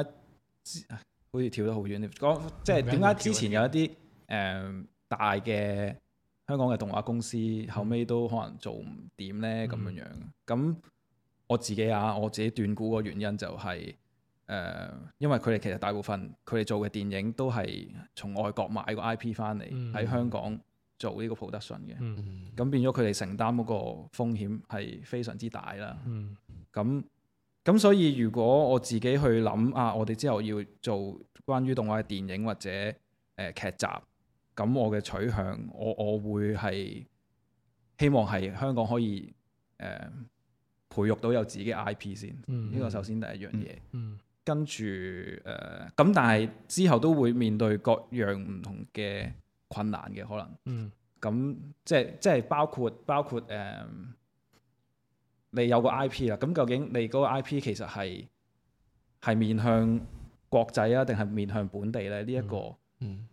Speaker 3: 好似跳得好遠？講即係點解之前有一啲誒、嗯呃、大嘅香港嘅動畫公司後尾都可能做唔掂呢？咁樣樣咁、嗯嗯，我自己啊，我自己斷估個原因就係、是。誒，uh, 因為佢哋其實大部分佢哋做嘅電影都係從外國買個 I P 翻嚟，喺香港做呢個普德信嘅，咁、mm hmm. 變咗佢哋承擔嗰個風險係非常之大啦。
Speaker 5: 咁
Speaker 3: 咁、mm hmm. 所以如果我自己去諗啊，我哋之後要做關於動畫嘅電影或者誒劇、呃、集，咁我嘅取向，我我會係希望係香港可以誒、呃、培育到有自己 I P 先，呢個、mm hmm. 首先第一樣嘢。Mm hmm. mm hmm. 跟住誒咁但係之後都會面對各樣唔同嘅困難嘅可能。嗯，咁即係即係包括包括誒、呃、你有個 IP 啦。咁究竟你嗰個 IP 其實係係面向國際啊，定係面向本地咧？呢、這、一個嗯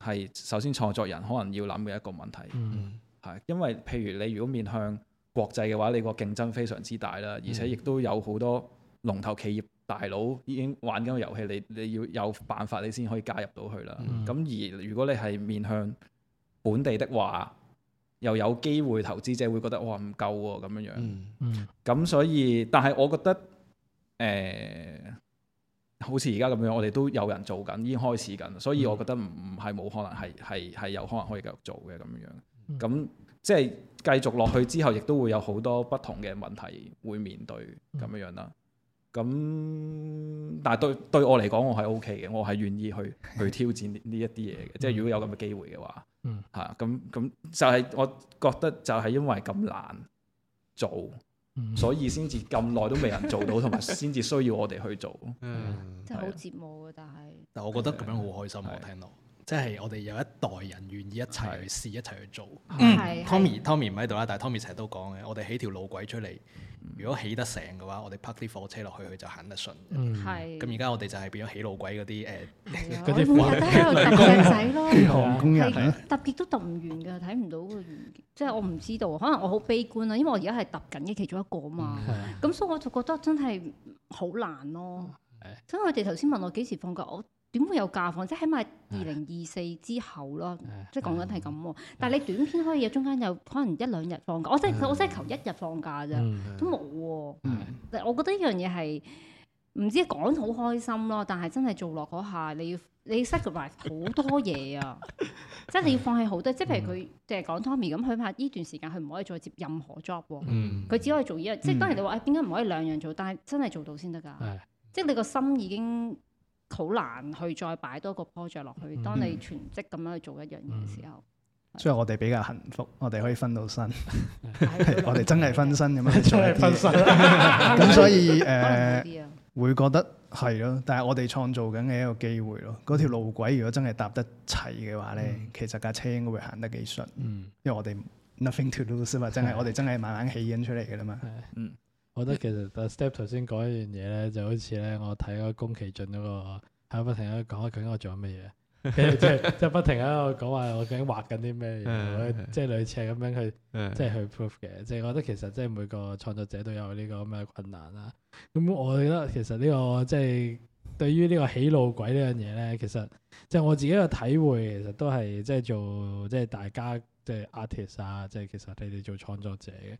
Speaker 3: 係首先創作人可能要諗嘅一個問題嗯，係、嗯、因為譬如你如果面向國際嘅話，你個競爭非常之大啦，而且亦都有好多龍頭企業。大佬已經玩緊個遊戲，你你要有辦法，你先可以加入到去啦。咁、嗯、而如果你係面向本地的話，又有機會投資者會覺得哇，唔夠喎咁樣樣。咁、嗯嗯、所以，但係我覺得誒、呃，好似而家咁樣，我哋都有人做緊，已經開始緊，所以我覺得唔係冇可能，係係係有可能可以繼續做嘅咁樣。咁、嗯、即係繼續落去之後，亦都會有好多不同嘅問題會面對咁、嗯、樣樣啦。咁，但係對對我嚟講、OK，我係 OK 嘅，我係願意去去挑戰呢一啲嘢嘅。 即係如果有咁嘅機會嘅話，嚇咁咁就係我覺得就係因為咁難做， 所以先至咁耐都未人做到，同埋先至需要我哋去做。
Speaker 4: 嗯，即
Speaker 2: 係好折磨嘅，但係
Speaker 4: 是，但我覺得咁樣好開心喎，聽到。即係我哋有一代人願意一齊去試，的一齊去做。嗯的，Tommy，Tommy 唔喺度啦，但係 Tommy 成日都講嘅，我哋起條路軌出嚟，如果起得成嘅話，我哋拋啲火車落去，佢就行得順。嗯的，咁而家我哋就係變咗起路軌嗰啲誒嗰啲火車。我每日都喺度揼石仔咯，
Speaker 2: 特別 的都揼唔完㗎，睇唔到個源。即係我唔知道，可能我好悲觀啦，因為我而家係揼緊嘅其中一個嘛。咁的所以我就覺得真係好難咯。誒的。咁佢哋頭先問我幾時放假，我。點會有假放？即係起碼二零二四之後咯，即係講緊係咁。但係你短片可以有，中間有可能一兩日放假。我真係我即係求一日放假咋，都冇。我覺得呢樣嘢係唔知講好開心咯，但係真係做落嗰下，你要你要失咗埋好多嘢啊！真係要放棄好多，即係譬如佢淨係講 Tommy 咁，佢怕呢段時間佢唔可以再接任何 job，佢只可以做依樣。即係當然你話點解唔可以兩樣做，但係真係做到先得㗎。即係你個心已經。好難去再擺多個 project 落去，當你全職咁樣去做一樣嘢嘅時候，
Speaker 4: 所以我哋比較幸福，我哋可以分到身，我哋真係分身咁樣，真係分身，咁所以誒會覺得係咯，但係我哋創造緊嘅一個機會咯，嗰條路軌如果真係搭得齊嘅話咧，其實架車應該會行得幾順，嗯，因為我哋 nothing to lose 嘛，真係我哋
Speaker 1: 真係慢慢起因出嚟嘅啦嘛，嗯。我覺得其實、The、Step 頭先講一樣嘢咧，就好似咧我睇嗰宮崎駿嗰、那個，喺不停喺度講緊我做緊乜嘢，即係即係不停喺度講話我究竟畫緊啲咩嘢，即係 類似咁樣去即係 去、就是、去 proof 嘅。即、就、係、是、我覺得其實即係每個創作者都有呢個咁嘅困難啦。咁我覺得其實呢、這個即係、就是、對於個起路呢個喜怒鬼呢樣嘢咧，其實即係我自己嘅體會，其實都係即係做即係、就是、大家即係、就是、artist 啊，即、就、係、是、其實你哋做創作者嘅。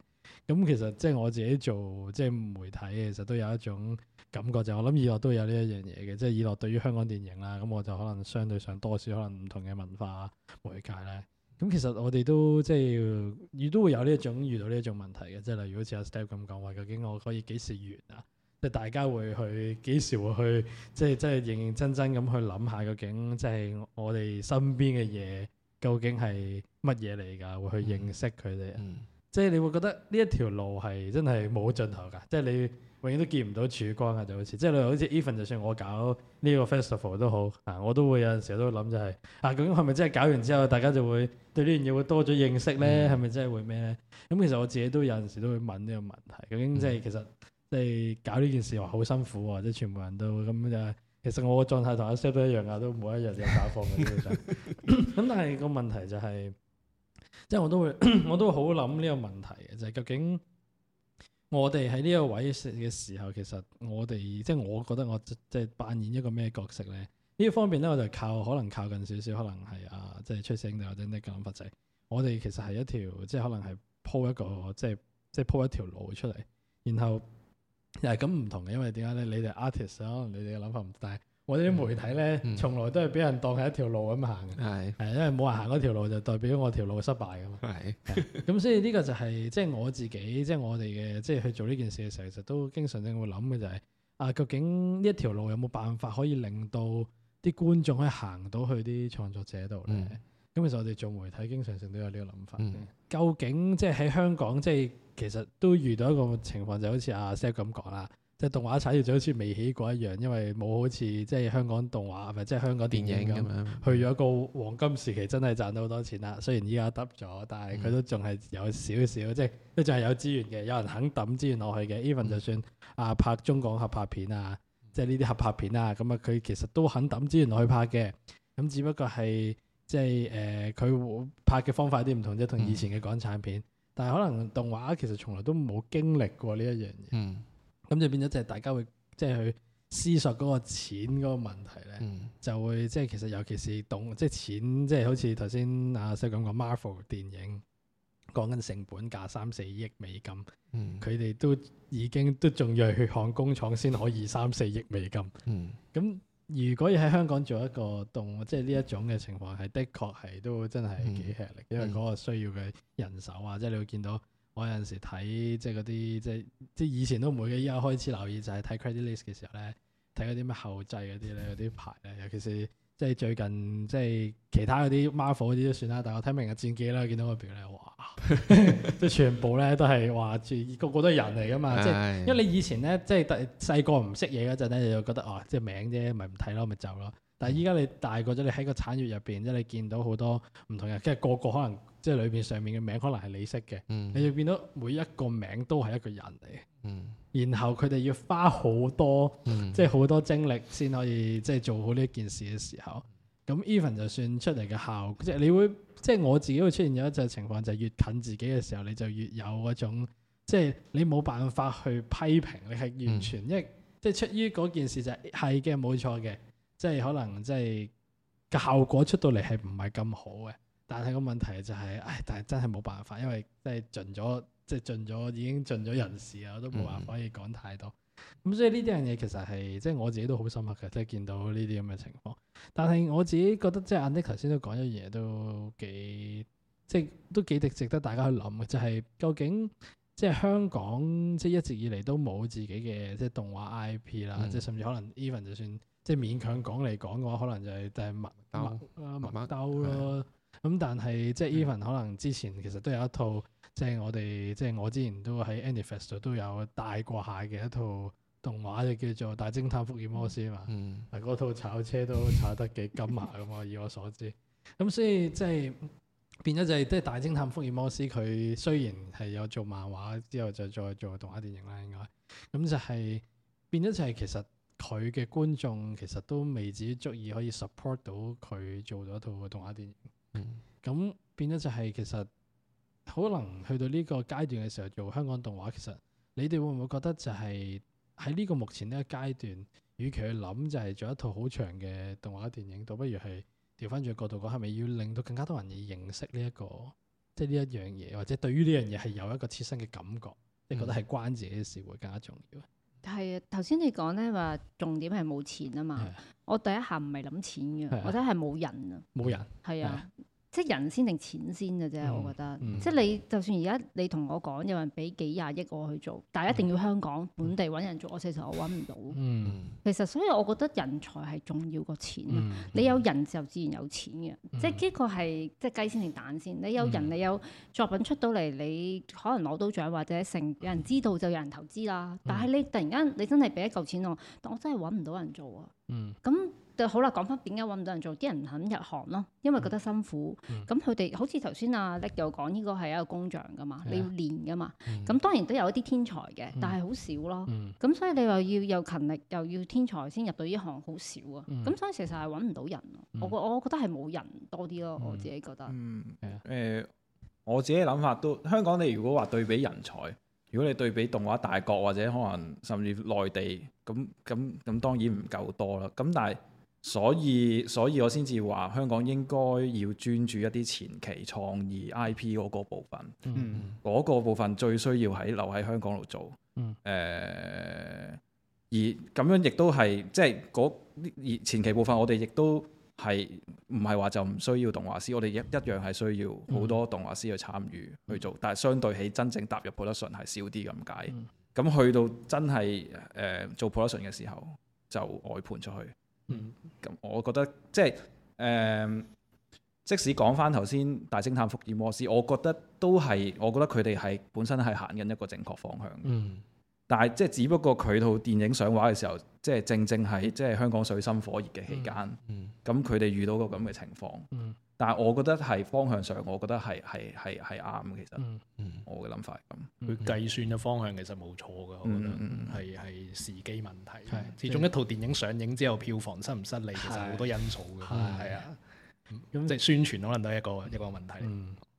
Speaker 1: 咁其實即係我自己做即係媒體其實都有一種感覺就係、是、我諗，以諾都有呢一樣嘢嘅，即係以諾對於香港電影啦，咁我就可能相對上多少可能唔同嘅文化媒介咧。咁其實我哋都即係亦都會有呢一種遇到呢一種問題嘅，即係例如好似阿 Step 咁講話，究竟我可以幾時完啊？即係大家會去幾時會去，即係即係認認真真咁去諗下究，究竟即係我哋身邊嘅嘢究竟係乜嘢嚟㗎？會去認識佢哋。嗯嗯。即係你會覺得呢一條路係真係冇盡頭㗎，即係你永遠都見唔到曙光啊！就好似即係你，好似 even 就算我搞呢個 festival 都好，啊我都會有陣時都會諗就係、是、啊，究竟係咪真係搞完之後大家就會對呢樣嘢會多咗認識咧？係咪真係會咩咧？咁其實我自己都有陣時都會問呢個問題。究竟即、就、係、是嗯、其實你搞呢件事話好辛苦啊，即係全部人都咁就係。其實我個狀態同阿 Sir 都一樣㗎，都每一日有打放嘅。咁但係個問題就係、是。即係我都會， 我都會好諗呢個問題嘅，就係、是、究竟我哋喺呢個位嘅時候，其實我哋即係我覺得我即係扮演一個咩角色咧？呢個方面咧，我就靠可能靠近少少，可能係啊，即係出聲定或者呢個諗法、就是，就係我哋其實係一條即係可能係鋪一個即係即係鋪一條路出嚟，然後又係咁唔同嘅，因為點解咧？你哋 artist 可能你哋嘅諗法唔大。我哋啲媒體咧，從、嗯、來都係俾人當係一條路咁行嘅，係、嗯，因為冇人行嗰條路，就代表我條路失敗㗎嘛。係、嗯，咁是、嗯、所以呢個就係、是，即、就、係、是、我自己，即、就、係、是、我哋嘅，即、就、係、是就是、去做呢件事嘅時候，其實都經常性會諗嘅就係、是，啊，究竟呢一條路有冇辦法可以令到啲觀眾可以行到去啲創作者度咧？咁、嗯、其實我哋做媒體經常性都有呢個諗法、嗯嗯、究竟即係喺香港，即、就、係、是、其實都遇到一個情況，就是、好似阿 Sir 咁講啦。即係動畫踩住就好似未起過一樣，因為冇好似即係香港動畫，唔係即係香港電影咁樣，去咗一個黃金時期，真係賺到好多錢啦。雖然依家得咗，但係佢都仲係有少少，嗯、即係都仲係有資源嘅，有人肯抌資源落去嘅。even 就算、嗯、啊拍中港合拍片啊，嗯、即係呢啲合拍片啊，咁啊佢其實都肯抌資源落去拍嘅。咁只不過係即係誒，佢、呃、拍嘅方法有啲唔同啫，即係同以前嘅港產片。嗯嗯、但係可能動畫其實從來都冇經歷過呢一樣嘢。嗯咁就變咗即係大家會即係去思索嗰個錢嗰個問題咧，嗯、就會即係其實尤其是動即係錢，即係好似頭先阿 Sir 講過 Marvel 電影講緊成本價三四億美金，佢哋、嗯、都已經都仲要係血汗工廠先可以三四億美金。咁、嗯、如果要喺香港做一個動，即係呢一種嘅情況，係的確係都真係幾吃力，嗯、因為嗰個需要嘅人手啊，即係、嗯嗯、你會見到。我有陣時睇即係嗰啲即係即係以前都唔會嘅，依家開始留意就係、是、睇 credit list 嘅時候咧，睇嗰啲咩後製嗰啲咧，嗰啲牌咧，尤其是即係最近即係其他嗰啲 Marvel 嗰啲都算啦。但係我睇明日戰記啦，見到個表咧，哇！即係 全部咧都係話， 即係個個都係人嚟噶嘛。即係因為你以前咧即係第細個唔識嘢嗰陣你就覺得哦、啊，即係名啫，咪唔睇咯，咪走咯。但係依家你大個咗，你喺個產業入邊，即係你見到好多唔同嘅，即係個個可能。即係裏邊上面嘅名，可能係你識嘅，嗯、你就變到每一個名都係一個人嚟。嗯、然後佢哋要花好多，嗯、即係好多精力，先可以即係做好呢一件事嘅時候。咁 even、嗯、就算出嚟嘅效果，嗯、即係你會，即係我自己會出現有一隻情況，就係、是、越近自己嘅時候，你就越有嗰種，即係你冇辦法去批評，你係完全，嗯、因為即係出於嗰件事就係係嘅，冇錯嘅，即係可能即係效果出到嚟係唔係咁好嘅。但係個問題就係、是，唉，但係真係冇辦法，因為真係盡咗，即係盡咗已經盡咗人事啊，我都冇辦法可以講太多。咁、嗯嗯、所以呢啲樣嘢其實係，即係我自己都好深刻嘅，即係見到呢啲咁嘅情況。但係我自己覺得，即係阿 Nick 頭先都講咗嘢都幾，即係都幾值得大家去諗嘅，就係、是、究竟即係香港即係一直以嚟都冇自己嘅即係動畫 IP 啦、嗯，即係甚至可能 even 就算即係勉強講嚟講嘅話，可能就係就係麥、哦、兜啦，麥兜咯。咁但係即係 even 可能之前其實都有一套，即係、嗯、我哋即係我之前都喺 Anifest 都有帶過下嘅一套動畫，就叫做《大偵探福爾摩斯》嘛。嗯、啊。係嗰套炒車都炒得幾金啊，咁我 以我所知，咁所以即、就、係、係、變咗就係即係就係、《大偵探福爾摩斯》佢雖然係有做漫畫之後就再做動畫電影啦，應該咁就係、係、變咗就係其實佢嘅觀眾其實都未至於足以可以 support 到佢做咗一套動畫電影。咁、嗯、變咗就係其實可能去到呢個階段嘅時候做香港動畫，其實你哋會唔會覺得就係喺呢個目前呢個階段，與其去諗就係做一套好長嘅動畫電影，倒不如係調返轉角度講，係咪要令到更加多人以認識呢、這個就是，一個即係呢一樣嘢，或者對於呢樣嘢係有一個切身嘅感覺？你覺得係關自己嘅事會更加重要？嗯
Speaker 2: 係啊，頭先你講咧，話重點係冇錢啊嘛，的我第一下唔係諗錢嘅，的我睇係冇人啊，冇人，係啊的。即人先定錢先嘅啫，我覺得。嗯、即你就算而家你同我講有人俾幾廿億我去做，但係一定要香港本地揾人做，我其實我揾唔到。嗯、其實所以我覺得人才係重要過錢。嗯、你有人就自然有錢嘅，嗯，即呢個係即雞先定蛋先。你有人，嗯、你有作品出到嚟，你可能攞到獎或者成有人知道就有人投資啦。但係你突然間你真係俾一嚿錢我，我真係揾唔到人做啊。咁，嗯嗯就好啦，講翻點解揾唔到人做？啲人唔肯入行咯，因為覺得辛苦。咁佢哋好似頭先啊叻又講，呢個係一個工匠噶嘛，的你要練噶嘛。咁、嗯、當然都有一啲天才嘅，但係好少咯。咁、嗯、所以你話要又勤力又要天才先入到呢行，好少啊。咁、嗯、所以其實係揾唔到人咯。我、嗯、我覺得係冇人多啲咯，嗯、我自己覺得。
Speaker 3: 誒，我自己諗法都香港，你如果話對比人才，如果你對比動畫大國或者可能甚至內地，咁咁咁當然唔夠多啦。咁但係所以，所以我先至話香港應該要專注一啲前期創意 IP 嗰個部分，嗰、嗯、個部分最需要喺留喺香港度做。誒、嗯呃，而咁樣亦都係即係前期部分我，我哋亦都係唔係話就唔需要動畫師，我哋一一樣係需要好多動畫師去參與去做，嗯、但係相對起真正踏入 production 係少啲咁解。咁、嗯、去到真係誒、呃、做 production 嘅時候，就外判出去。嗯，咁我覺得即係誒、呃，即使講翻頭先《大偵探福爾摩斯》，我覺得都係，我覺得佢哋係本身係行緊一個正確方向嘅。嗯，但係即係只不過佢套電影上畫嘅時候，即係正正係即係香港水深火熱嘅期間。嗯，咁佢哋遇到個咁嘅情況。嗯。嗯但係我覺得係方向上，我覺得係係係係啱。其實，我嘅諗法係咁，佢計算嘅方向其實冇錯嘅。我覺得係係時機問題。係始
Speaker 4: 終一套電影上映之後，票房失唔失利其實好多因素嘅，係啊。咁即
Speaker 1: 係宣傳可能都係一個一個問題。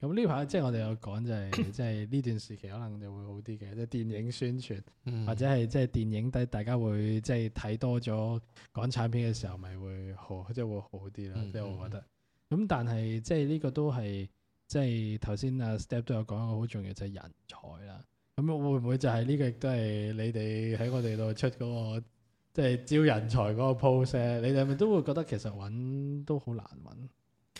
Speaker 1: 咁呢排即係我哋有講就係即係呢段時期可能就會好啲嘅，即係電影宣傳或者係即係電影大大家會即係睇多咗港產片嘅時候，咪會好即係會好啲啦。即係我覺得。咁、嗯、但係即係呢個都係即係頭先阿 Step 都有講一個好重要就係、是、人才啦。咁、嗯、會唔會就係、是、呢、這個都係你哋喺我哋度出嗰、那個即係招人才嗰個 process 你哋咪都會覺得其實揾都好難揾？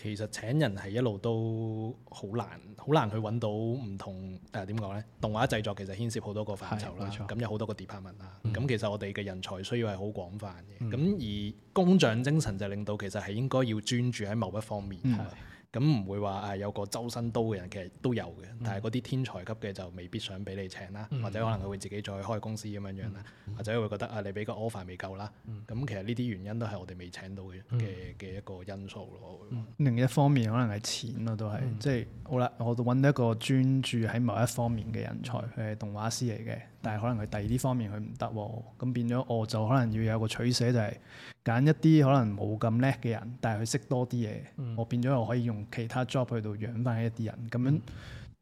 Speaker 1: 其
Speaker 4: 實請人係一路都好難，好難去揾到唔同誒，點講呢？動畫製作其實牽涉好多個範疇啦，咁有好多個 department 啦，咁、嗯嗯嗯、其實我哋嘅人才需要係好廣泛嘅，咁、嗯、而工匠精神就令到其實係應該要專注喺某一方面係。嗯咁唔會話係有個周身刀嘅人，其實都有嘅。但係嗰啲天才級嘅就未必想俾你請啦，嗯、或者可能佢會自己再開公司咁樣樣啦，嗯嗯、或者會覺得啊，你俾個 offer 未夠啦。咁、嗯、其實呢啲原因都係我哋未請到嘅嘅嘅一個因素咯。嗯、另一方面可能係錢咯，都係即係好啦。我都揾到一個專注喺某一方面嘅人才，佢係動畫師嚟嘅。但係可能佢第二呢方面佢唔得喎，咁變咗我就可能要有個取捨，就係揀一啲可能冇咁叻嘅人，但係佢識多啲嘢，嗯、我變咗我可以用其他 job 去到養翻一啲人，咁樣。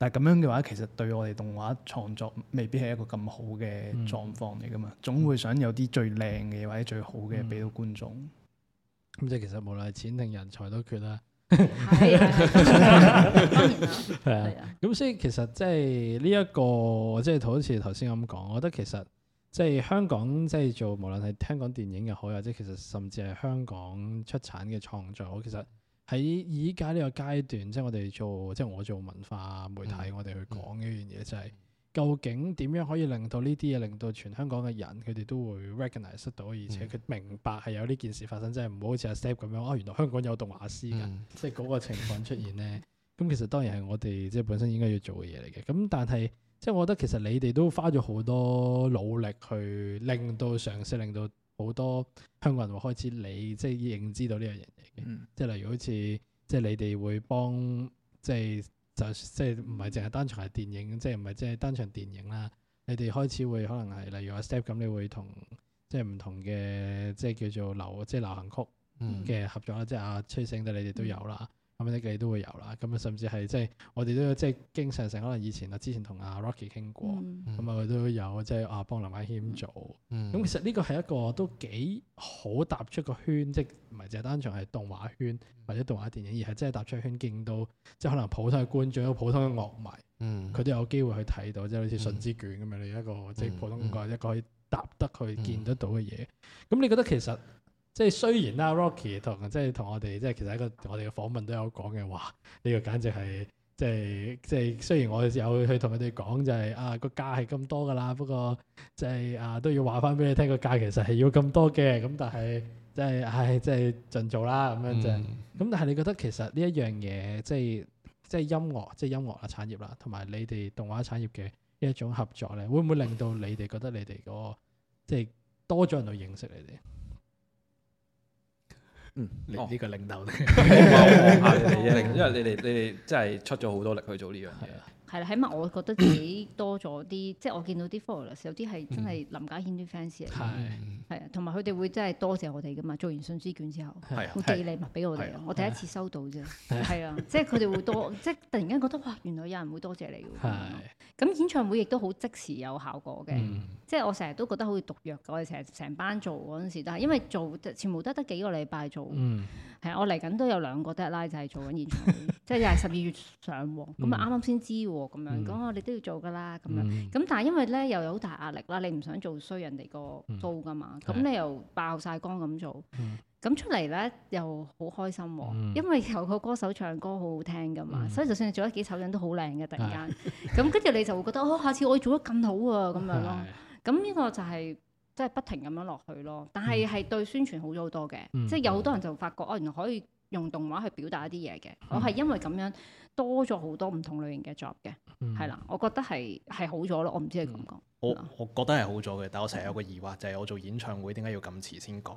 Speaker 4: 但係咁樣嘅話，其實對我哋動畫創作未必係一個咁好嘅狀況嚟噶嘛，嗯、總會想有啲最靚嘅
Speaker 1: 或者最好嘅俾到觀眾。咁、嗯嗯嗯嗯、即係其實無論係錢定人才都缺啦、啊。係 啊，係啊，咁 所以其實即係呢一個，即係好似頭先咁講，我覺得其實即係香港即係做，無論係香港電影又好，或者其實甚至係香港出產嘅創作，其實喺依家呢個階段，即係我哋做，即係我做文化媒體，我哋去講呢樣嘢就係。嗯嗯究竟點樣可以令到呢啲嘢，令到全香港嘅人佢哋都會 recognize 到，而且佢明白係有呢件事發生，嗯、即係唔好好似阿 Step 咁樣啊、哦，原來香港有動畫師㗎，嗯、即係嗰個情況出現呢。咁、嗯、其實當然係我哋即係本身應該要做嘅嘢嚟嘅。咁但係即係我覺得其實你哋都花咗好多努力去令到嘗試、令到好多香港人會開始理，即係認知到呢樣嘢嘅。嗯、即係例如好似即係你哋會幫即係。就即係唔係淨係單純係電影，嗯、即係唔係即係單純電影啦。你哋開始會可能係例如阿 Step 咁，你會同即係唔同嘅即係叫做流即係流行曲嘅合作啦，嗯、即係、啊、阿崔醒德你哋都有啦。咁呢幾都會有啦，咁啊甚至係即係我哋都即係經常性，可能以前啊之前同阿 Rocky 傾過，咁啊佢都有即係啊幫林偉軒做，咁其實呢個係一個都幾好踏出個圈，即係唔係淨係單純係動畫圈或者動畫電影，而係真係踏出圈勁到即係可能普通嘅觀眾、普通嘅樂迷，佢都有機會去睇到，即係好似《信之卷》咁樣，你一個即係普通一個可以踏得去見得到嘅嘢。咁你覺得其實？即係雖然啦，Rocky 同即係同我哋即係其實一個我哋嘅訪問都有講嘅話，呢、這個簡直係即係即係雖然我有去同佢哋講就係、是、啊個價係咁多㗎喇，不過即、就、係、是、啊都要話返畀你聽個價其實係要咁多嘅，咁但係即係唉即係盡做啦咁樣啫、就是。咁但係你覺得其實呢一樣嘢即係即係音樂即係音樂啊產業啦，同埋你哋動畫產業嘅一種合作咧，會唔會令到你哋覺得你哋嗰個即係多咗人去認識你哋？
Speaker 3: 嗯，你呢個領導咧，係因為你哋你哋真係出咗好多力去做呢樣嘢啊。
Speaker 2: 係啦，起碼我覺得自己多咗啲，即係我見到啲 followers 有啲係真係林家謙啲 fans 嚟嘅，係啊，同埋佢哋會真係多謝我哋噶嘛，做完信之卷之後，會寄禮物俾我哋，我第一次收到啫，係啊，即係佢哋會多，即係突然間覺得哇，原來有人會多謝你㗎，咁演唱會亦都好即時有效果嘅，即係我成日都覺得好似毒藥㗎，我哋成日成班做嗰陣時，但係因為做全部得得幾個禮拜做。係我嚟緊都有兩個 deadline，就係做緊演唱會，即係又係十二月上喎。咁、嗯、啊，啱啱先知喎，咁樣咁我哋都要做噶啦，咁樣。咁但係因為咧又有好大壓力啦，你唔想做衰人哋個數噶嘛？咁、嗯、你又爆晒光咁做，咁、嗯、出嚟咧又好開心喎，嗯、因為由個歌手唱歌好好聽噶嘛，嗯、所以就算你做得幾醜樣都好靚嘅突然間，咁跟住你就會覺得哦，下次我要做得更好啊咁樣咯。咁呢的的個就係、是。即係不停咁樣落去咯，但係係對宣傳好咗好多嘅，即係有好多人就發覺哦，原來可以用動畫去表達一啲嘢嘅。我係因為咁樣多咗好多唔同類型嘅作 o 嘅，係啦，我覺得係係好咗咯。我唔知你咁講。
Speaker 4: 我我覺得係好咗嘅，但我成日有個疑惑就係我做演唱會點解要咁遲先講？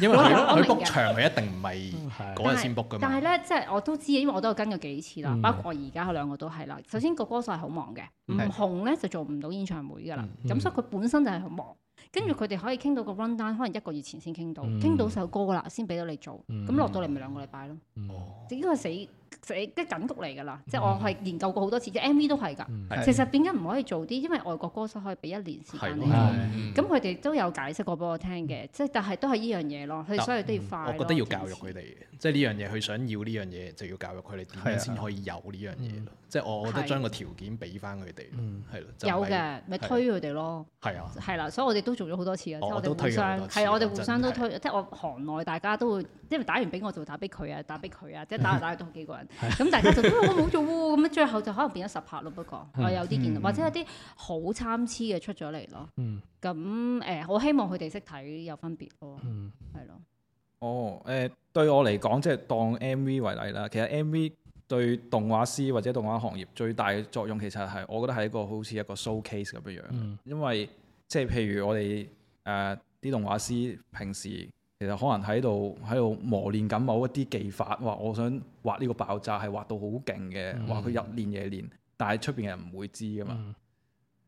Speaker 4: 因為佢佢 b 一定唔係嗰日先 book 嘅。但
Speaker 2: 係咧，即係我都知，因為我都跟過幾次啦，包括我而家兩個都係啦。首先個歌手係好忙嘅，唔紅咧就做唔到演唱會噶啦。咁所以佢本身就係好忙。跟住佢哋可以傾到個 run down，可能一個月前先傾到，傾、嗯、到首歌啦，先俾到你做，咁落到嚟咪兩個禮拜咯，只不過死。即係緊督嚟㗎啦，即係我係研究過好多次，即係 MV 都係㗎。其實點解唔可以做啲？因為外國歌手可以俾一年時間你。咁佢哋都有解釋過俾我聽嘅，即係但係都係呢樣嘢咯。佢所以都要快。我覺得要教育佢
Speaker 4: 哋，即係呢樣嘢，佢想要呢樣嘢就要教育佢哋點樣先可以有呢樣嘢。即係我我都將個條件俾翻佢哋。
Speaker 2: 嗯，有嘅咪推佢哋咯。係啊。係啦，所以我哋都做咗好多次啊！我哋互相係我哋互相都推，即係我行內大家都會。即係打完俾我，就打俾佢啊，打俾佢啊，即係打嚟打去都好幾個人。咁 大家就都好做喎，咁樣 最後就可能變咗十拍咯。不過我有啲見到，嗯、或者有啲好參差嘅出咗嚟咯。咁誒、嗯欸，我希望佢哋識睇有分別、嗯、咯。嗯，係
Speaker 3: 咯。哦，誒、呃，對我嚟講，即係當 M V 為例啦。其實 M V 對動畫師或者動畫行業最大嘅作用，其實係我覺得係一個好似一個 showcase 咁樣樣。嗯、因為即係譬如我哋誒啲動畫師平時。其實可能喺度喺度磨練緊某一啲技法，話我想畫呢個爆炸係畫到好勁嘅，話佢日練夜練，但係出邊人唔會知㗎嘛。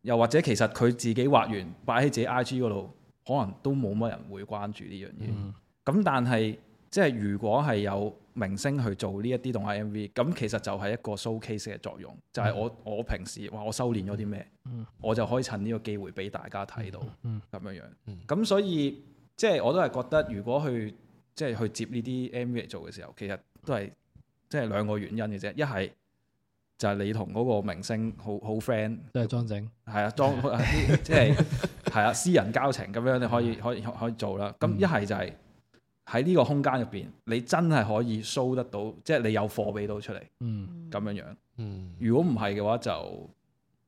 Speaker 3: 又或者其實佢自己畫完擺喺自己 IG 嗰度，可能都冇乜人會關注呢樣嘢。咁 但係即係如果係有明星去做呢一啲動畫 MV，咁其實就係一個 showcase 嘅作用，就係、是、我我平時話我修練咗啲咩，我就可以趁呢個機會俾大家睇到咁樣樣。咁所以。即係我都係覺得，如果去即係去接呢啲 MV 嚟做嘅時候，其實都係即係兩個原因嘅啫。一係就係你同嗰個明星好好 friend，都係裝整，係啊，裝 即係係啊，私人交情咁樣你可以可以、嗯、可以做啦。咁一係就係喺呢個空間入邊，你真係可以 show 得到，即係你有貨俾到出嚟。嗯，咁樣樣。嗯如，如果唔係嘅話，就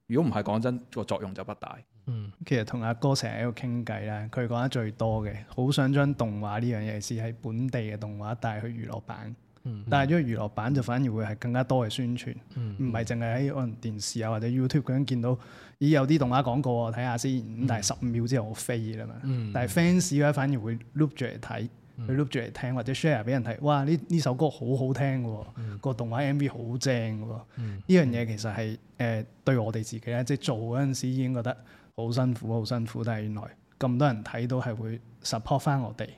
Speaker 3: 如果唔係講真，個作用就不大。嗯，
Speaker 4: 其實同阿哥成日喺度傾偈啦，佢講得最多嘅，好想將動畫呢樣嘢試喺本地嘅動畫帶去娛樂版，嗯嗯、但係因為娛樂版就反而會係更加多嘅宣傳，唔係淨係喺可能電視啊或者 YouTube 咁樣見到咦有啲動畫廣告我睇下先，咁但係十五秒之後我飛啦嘛，嗯嗯、但係 fans 嘅話反而會 loop 住嚟睇，佢 loop 住嚟聽或者 share 俾人睇，哇呢呢首歌好好聽喎，嗯、個動畫 MV 好正喎，呢樣嘢其實係誒對我哋自己咧，即係做嗰陣時已經覺得。好辛苦，好辛苦，但係原來咁多人睇到係會 support 翻我哋。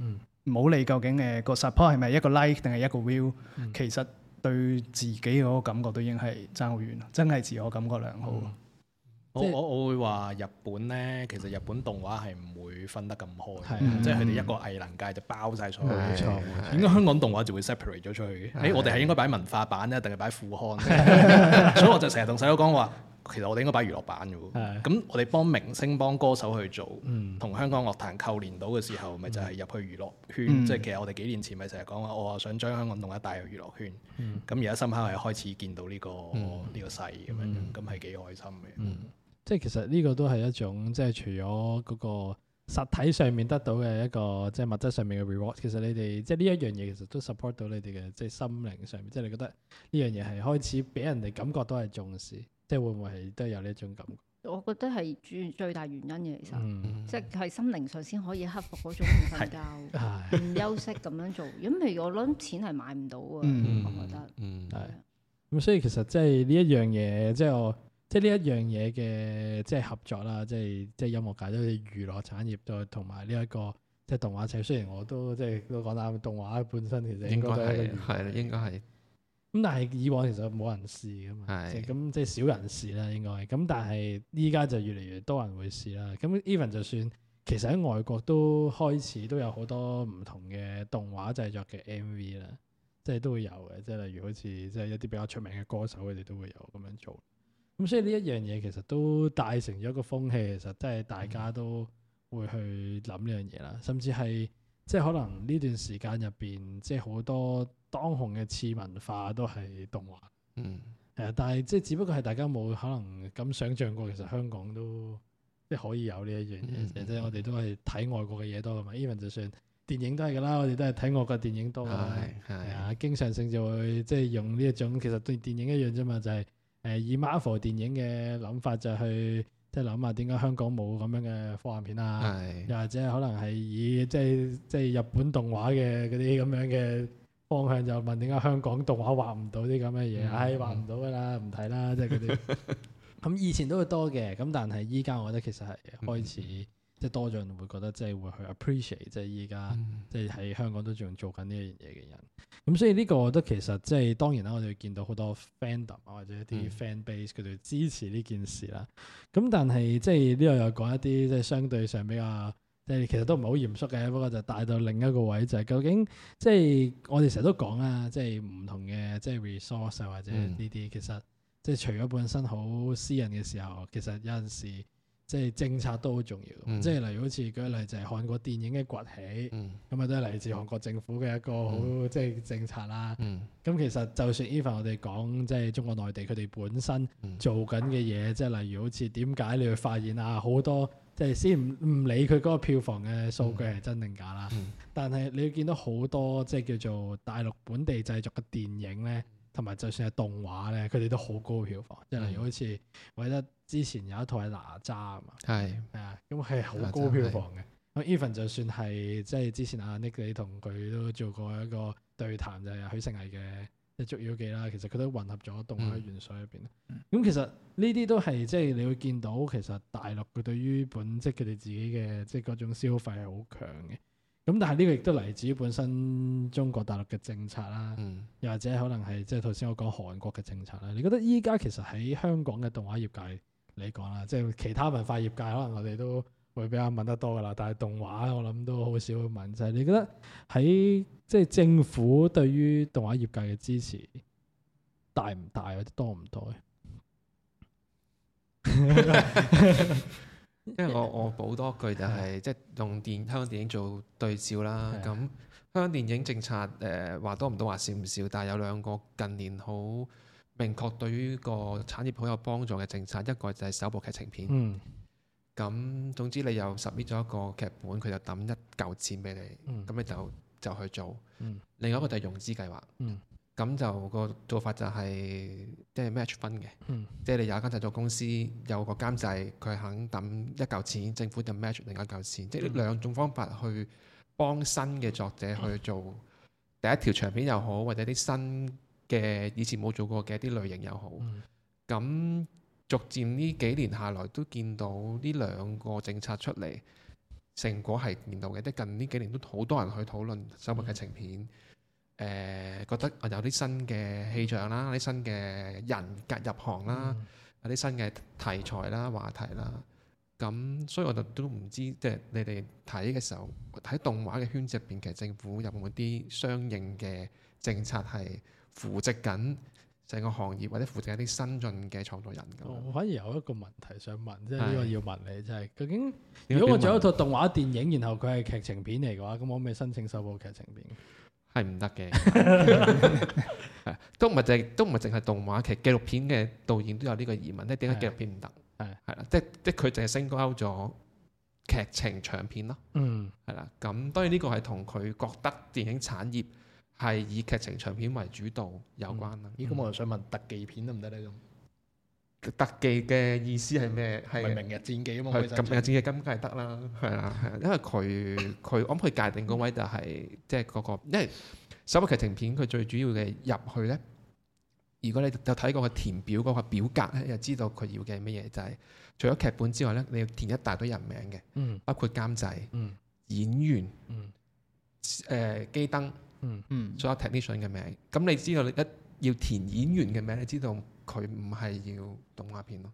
Speaker 4: 唔好理究竟誒個 support 係咪一個 like 定係一個 view，、嗯、其實對自己嗰個感覺都已經係爭好遠，真係自我感覺良好。嗯、好我我我會話日本呢，其實日本動畫係唔會分得咁開，嗯、即係佢哋一個藝能界就包晒所有。冇錯，應該香港動畫就會 separate 咗出去嘅、欸。我哋係應該擺文化版咧，定係擺副刊？所以我就成日同細佬講話。其實我哋應該擺娛樂版嘅喎，咁的我哋幫明星幫歌手去做，同、嗯、香港樂壇扣連到嘅時候，咪、嗯、就係入去娛樂圈。嗯、即係其實我哋幾年前咪成日講話，我想將香港動畫帶入娛樂圈。咁而家深刻係開始見到呢、這個呢、嗯、個勢咁樣，咁係幾開心嘅、
Speaker 1: 嗯。即係其實呢個都係一種即係除咗嗰個實體上面得到嘅一個即係、就是、物質上面嘅 reward。其實你哋即係呢一樣嘢其實都 support 到你哋嘅即係心靈上面，即、就、係、是、你覺得呢樣嘢係開始俾人哋感覺都係重視。即係會唔會係都有呢一種感覺？
Speaker 2: 我覺得係最最大原因嘅，其實，嗯、即係係心靈上先可以克服嗰種唔瞓覺、唔是 休息咁樣做。如果唔係，我諗錢係買唔到啊。我覺得，嗯係。咁、
Speaker 1: 嗯是嗯、所以其實即係呢一樣嘢，即、就、係、是、我即係呢一樣嘢嘅，即係合作啦，即係即係音樂界都係娛樂產業、這個，再同埋呢一個即係動畫製。雖然我都即係、就是、都講啦，動畫本身其實應該係係啦，應該係。咁但係以往其實冇人試㗎嘛，的即係咁即係少人試啦，應該。咁但係依家就越嚟越多人會試啦。咁 even 就算其實喺外國都開始都有好多唔同嘅動畫製作嘅 MV 啦，即係都會有嘅。即係例如好似即係一啲比較出名嘅歌手佢哋都會有咁樣做。咁所以呢一樣嘢其實都帶成咗一個風氣，其實即係大家都會去諗呢樣嘢啦。甚至係即係可能呢段時間入邊即係好多。當紅嘅次文化都係動畫，嗯，係啊，但係即係只不過係大家冇可能咁想像過，其實香港都即係可以有呢一樣嘢、嗯。即係我哋都係睇外國嘅嘢多嘅嘛。Even 就算電影都係嘅啦，我哋都係睇外國電影多啊。啊，經常性就會即係用呢一種其實對電影一樣啫嘛，就係、係、誒以 Marvel 電影嘅諗法就去即係諗下點解香港冇咁樣嘅科幻片啊？又係或者可能係以即係即係日本動畫嘅嗰啲咁樣嘅。方向就問點解香港動畫畫唔到啲咁嘅嘢？唉、嗯哎，畫唔到㗎啦，唔睇、嗯、啦，即係嗰啲。咁 以前都會多嘅，咁但係依家我覺得其實係開始、嗯、即係多咗人會覺得即係會去 appreciate，即係依家即係喺香港都仲做緊呢一樣嘢嘅人。咁所以呢個我覺得其實即係當然啦，我哋見到好多 fandom 或者一啲 fan base 佢哋支持呢件事啦。咁、嗯、但係即係呢度又講一啲即係相對上比較。即係其實都唔係好嚴肅嘅，不過就帶到另一個位就係、是、究竟，即、就、係、是、我哋成日都講啊，即係唔同嘅即係 resource 啊或者呢啲，嗯、其實即係、就是、除咗本身好私人嘅時候，其實有陣時即係、就是、政策都好重要。即係、嗯、例如好似舉例就係韓國電影嘅崛起，咁啊都係嚟自韓國政府嘅一個好即係政策啦。咁、嗯、其實就算 even 我哋講即係中國內地，佢哋本身做緊嘅嘢，即係、嗯、例如好似點解你會發現啊好多。即係先唔唔理佢嗰個票房嘅數據係真定假啦，嗯嗯、但係你見到好多即係、就是、叫做大陸本地製作嘅電影咧，同埋就算係動畫咧，佢哋都好高票房。嗯、例如好似我記得之前有一套係哪吒啊嘛，
Speaker 5: 係啊
Speaker 1: 是，咁係好高票房嘅。Even 就算係即係之前阿 Nick 你同佢都做過一個對談，就係、是、許誠毅嘅。《捉妖記》啦，其實佢都混合咗動畫元素入邊。咁、嗯、其實呢啲都係即係你會見到，其實大陸佢對於本即佢哋自己嘅即係各種消費係好強嘅。咁但係呢個亦都嚟自本身中國大陸嘅政策啦，又、嗯、或者可能係即係頭先我講韓國嘅政策啦。你覺得依家其實喺香港嘅動畫業界嚟講啦，即係、就是、其他文化業界，可能我哋都。會比較問得多噶啦，但係動畫我諗都好少會問。就係你覺得喺即係政府對於動畫業界嘅支持大唔大或者多唔多？
Speaker 5: 因為我我補多句，就係即係用電香港電影做對照啦。咁 香港電影政策誒話、呃、多唔多話少唔少，但係有兩個近年好明確對於個產業好有幫助嘅政策，一個就係首部劇情片。嗯咁總之你又 submit 咗一個劇本，佢就抌一嚿錢俾你，咁、嗯、你就就去做。嗯、另一個就係融資計劃，咁、嗯、就個做法就係即係 match fund 嘅，即係、嗯、你有一間製作公司、嗯、有個監製，佢肯抌一嚿錢，政府就 match 另一嚿錢，即係、嗯、呢兩種方法去幫新嘅作者去做、嗯、第一條長片又好，或者啲新嘅以前冇做過嘅啲類型又好，咁。嗯逐漸呢幾年下來都見到呢兩個政策出嚟，成果係見到嘅。啲近呢幾年都好多人去討論新聞嘅情片，誒、呃、覺得有啲新嘅氣象啦，啲新嘅人格入行啦，有啲新嘅題材啦、話題啦。咁所以我就都唔知，即係你哋睇嘅時候，喺動畫嘅圈子入邊，其實政府有冇啲相應嘅政策係扶植緊？整個行業或者扶持一啲新進嘅創作人，咁。
Speaker 1: 我反而有一個問題想問，即係呢個要問你，就係係究竟，如果我做一套動畫電影，然後佢係劇情片嚟嘅話，咁我可唔可以申請首部劇情片？係唔得嘅，都唔係
Speaker 5: 凈，都唔係淨係動畫劇，紀錄片嘅導演都有呢個疑問，即係點解紀錄片唔得？係係啦，即即佢淨係升高咗劇情長片咯。
Speaker 3: 嗯，
Speaker 5: 係啦，咁當然呢個係同佢覺得電影產業。係以劇情長片為主導有關啦，依個、嗯嗯、我又想問特技片得唔得咧？咁？特技嘅意思係咩？係、嗯、
Speaker 4: 是明日戰記啊嘛，係明是日戰記，
Speaker 5: 咁梗係得啦。係啦， 因為佢佢我諗佢界定嗰位就係即係嗰個，因為首部劇情片佢最主要嘅入去咧，如果你有睇過個填表嗰個表格咧，又知道佢要嘅係乜嘢，就係、是、除咗劇本之外咧，你要填一大堆人名嘅，嗯，包括監製，嗯，演員，嗯，誒、嗯呃、機燈。嗯嗯，仲有 Technician 嘅名，咁你知道你一要填演員嘅名，你知道佢唔係要動畫片咯，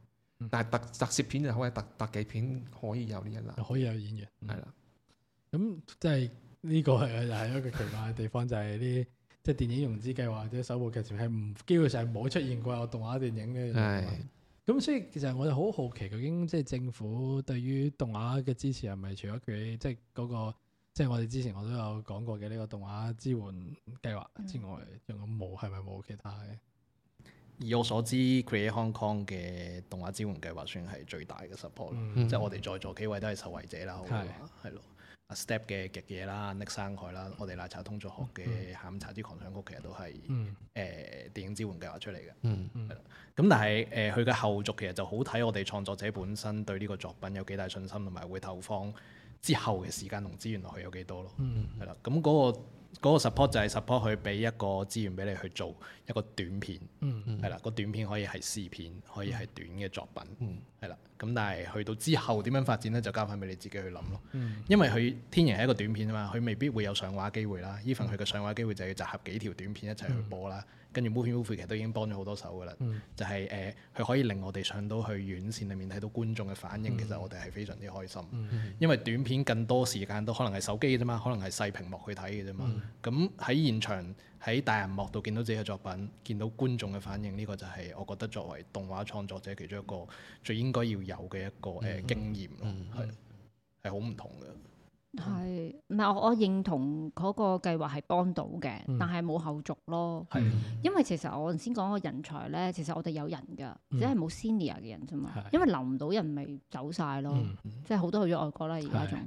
Speaker 5: 但係特特攝片就可以，特特技片可以有呢一欄、嗯，可以有演員，
Speaker 1: 係啦，咁即係呢個係又係一個奇怪嘅地方， 就係啲即係電影融資計劃或者首部劇情係唔基本上係冇出現過有動畫電影嘅，係是，咁所以其實我就好好奇，究竟即係政府對於動畫嘅支持係咪除咗佢即係嗰個？即係我哋之前我都有講過嘅呢個動畫支援計劃之外，仲有冇係咪冇其他嘅？
Speaker 4: 以我所知，Create Hong Kong 嘅動畫支援計劃算係最大嘅 support、嗯、即係我哋在座幾位都係受惠者啦。好，係咯，Step 嘅極夜啦、Next 山海啦、我哋奶茶通作學嘅下午茶之狂想曲其實都係誒、嗯呃、電影支援計劃出嚟嘅、嗯。嗯嗯。咁但係誒佢嘅後續其實就好睇我哋創作者本身對呢個作品有幾大信心同埋會投放。之後嘅時間同資源落去有幾多咯？係啦、嗯，咁嗰、嗰個嗰個 support 就係 support 佢俾一個資源俾你去做一個短片，係啦、嗯，嗯個短片可以係試片，可以係短嘅作品，係啦、嗯。咁但係去到之後點樣發展呢？就交翻俾你自己去諗咯。嗯、因為佢天然係一個短片啊嘛，佢、嗯、未必會有上畫機會啦。呢份佢嘅上畫機會就要集合幾條短片一齊去播啦。嗯。跟住 Movie，movie 其實都已經幫咗好多手噶啦，嗯、就係、是、誒，佢、呃、可以令我哋上到去院線裏面睇到觀眾嘅反應，嗯、其實我哋係非常之開心，嗯嗯、因為短片更多時間都可能係手機嘅啫嘛，可能係細屏幕去睇嘅啫嘛，咁喺、嗯、現場喺大銀幕度見到自己嘅作品，見到觀眾嘅反應，呢、呢個就係我覺得作為動畫創作者其中一個最應該要有嘅一個誒經驗咯，係係好唔同嘅。
Speaker 2: 係，唔係我我認同嗰個計劃係幫到嘅，嗯、但係冇後續咯。係的，因為其實我先講個人才咧，其實我哋有人㗎，即係冇 senior 嘅人啫嘛。的因為留唔到人，咪走晒咯。嗯、即係好多去咗外國啦，而家仲。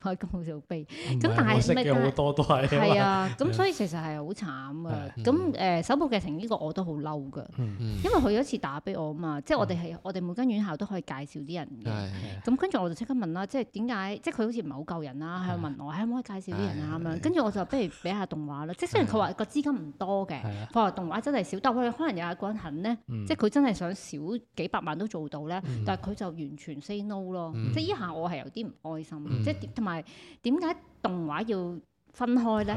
Speaker 2: 開工好少悲，咁但係識嘅好多都係。係啊，咁所以其實係好慘啊。咁誒首部劇情呢個我都好嬲㗎，因為佢有一次打俾我啊嘛，即係我哋係我哋每間院校都可以介紹啲人嘅。咁跟住我就即刻問啦，即係點解？即係佢好似唔係好夠人啦，喺度問我，可唔可以介紹啲人啊？咁樣跟住我就不如俾下動畫啦。即係雖然佢話個資金唔多嘅，佢話動畫真係少，但係我哋可能有一個人肯咧，即係佢真係想少幾百萬都做到咧，但係佢就完全 say no 咯。即係依下我係有啲唔開心。即係同埋點解動畫要分開咧？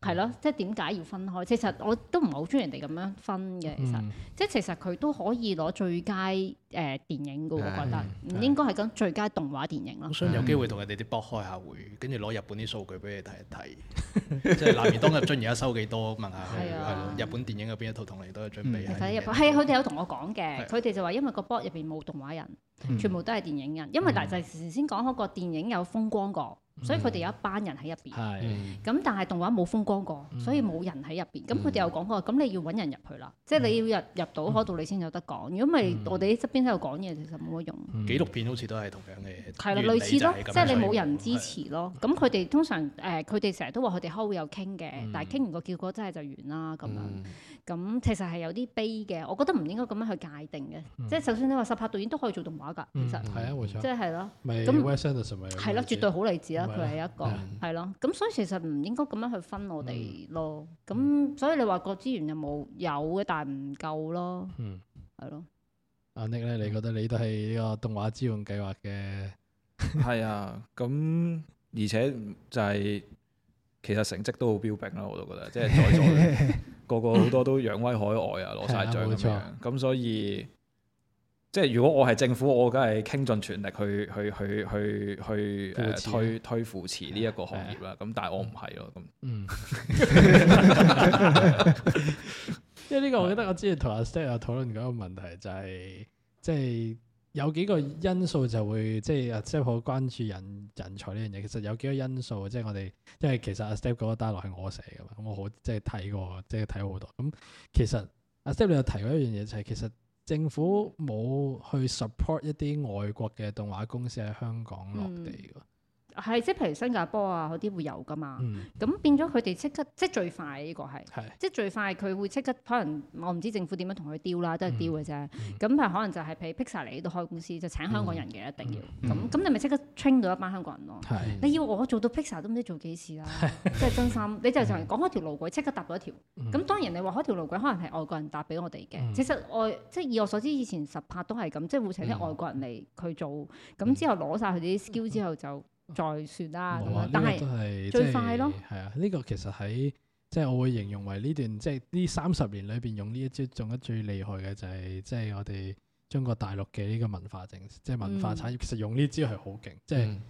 Speaker 2: 係咯，即係點解要分開？其實我都唔係好中意人哋咁樣分嘅。其實，即係其實佢都可以攞最佳誒電影嘅，我覺得唔應該係講最佳動畫電影咯。有機會
Speaker 4: 同佢哋啲博開下會，跟住攞日本啲數據俾你睇一睇。即係男兒當入樽而家收幾多？問下係啊，日本電影有邊一套同你都有準備。睇日
Speaker 2: 本係佢哋有同我講嘅，佢哋就話因為個博入邊冇動畫人，全部都係電影人。因為大陣時先講好個電影有風光過。所以佢哋有一班人喺入邊，咁但係動畫冇風光過，所以冇人喺入邊。咁佢哋又講過，咁你要揾人入去啦，即係你要入入到嗰度你先有得講。如果唔係，我哋喺側邊喺度講嘢，其實冇乜用。紀
Speaker 4: 錄片好似都係同樣嘅嘢，係啦，類似咯，即係你冇人支持
Speaker 2: 咯。咁佢哋通常誒，佢哋成日都話佢哋開會有傾嘅，但係傾完個結果真係就完啦咁樣。咁其實係有啲悲嘅，我覺得唔應該咁樣去界定嘅。即係首先你話實拍導演都可以做動畫㗎，其實係啊，即係係咯，咁係啦，絕對好例子啊！佢係一個係咯，咁所以其實唔應該咁樣去分我哋咯。咁、嗯、所以你話個資源有冇，有嘅，但係唔夠咯。嗯，係咯。
Speaker 1: 阿 Nick 咧，你覺得你都係呢個動畫支援計劃嘅、嗯？
Speaker 3: 係啊，咁而且就係、是、其實成績都好標炳啦，我都覺得，即、就、係、是、在座個個好多都揚威海外啊，攞晒獎咁，咁所以。即係如果我係政府，我梗係傾盡全力去去去去去誒持、啊、推推扶持呢一個行業啦。咁是、啊、但係我唔係咯。咁，因
Speaker 1: 為呢個我記得我之前同阿 Step 討論過一個問題就係、是，即、就、係、是、有幾個因素就會即係、就是、阿 Step 好關注人人才呢樣嘢。其實有幾個因素？即、就、係、是、我哋即係其實阿 Step 嗰個單落係我寫噶嘛。咁我好即係睇過，即係睇好多。咁其實阿 Step 你有提過一樣嘢就係、是、其實。政府冇去 support 一啲外國嘅動畫公司喺香港
Speaker 2: 落地㗎。係，即係譬如新加坡啊嗰啲會有㗎嘛，咁變咗佢哋即刻即係最快呢個係，即係最快佢會即刻可能我唔知政府點樣同佢丟啦，都係丟嘅啫。咁佢可能就係畀 Pixar 嚟呢度開公司，就請香港人嘅一定要咁，咁你咪即刻 train 到一班香港人咯。你要我做到 Pixar 都唔知做幾次啦？即係真心，你就就講開條路軌，即刻搭到一條。咁當然你話開條路軌可能係外國人搭俾我哋嘅，其實外即係以我所知以前實拍都係咁，即係會請啲外國人嚟佢做，咁之後攞晒佢哋啲 skill 之後就。再算啦、啊，但係都係最快咯，
Speaker 1: 係啊！呢個其實喺即係我會形容為呢段，即係呢三十年裏邊用呢一招中得最厲害嘅就係，即係我哋中國大陸嘅呢個文化政，即係文化產業，其實用呢招係好勁，嗯、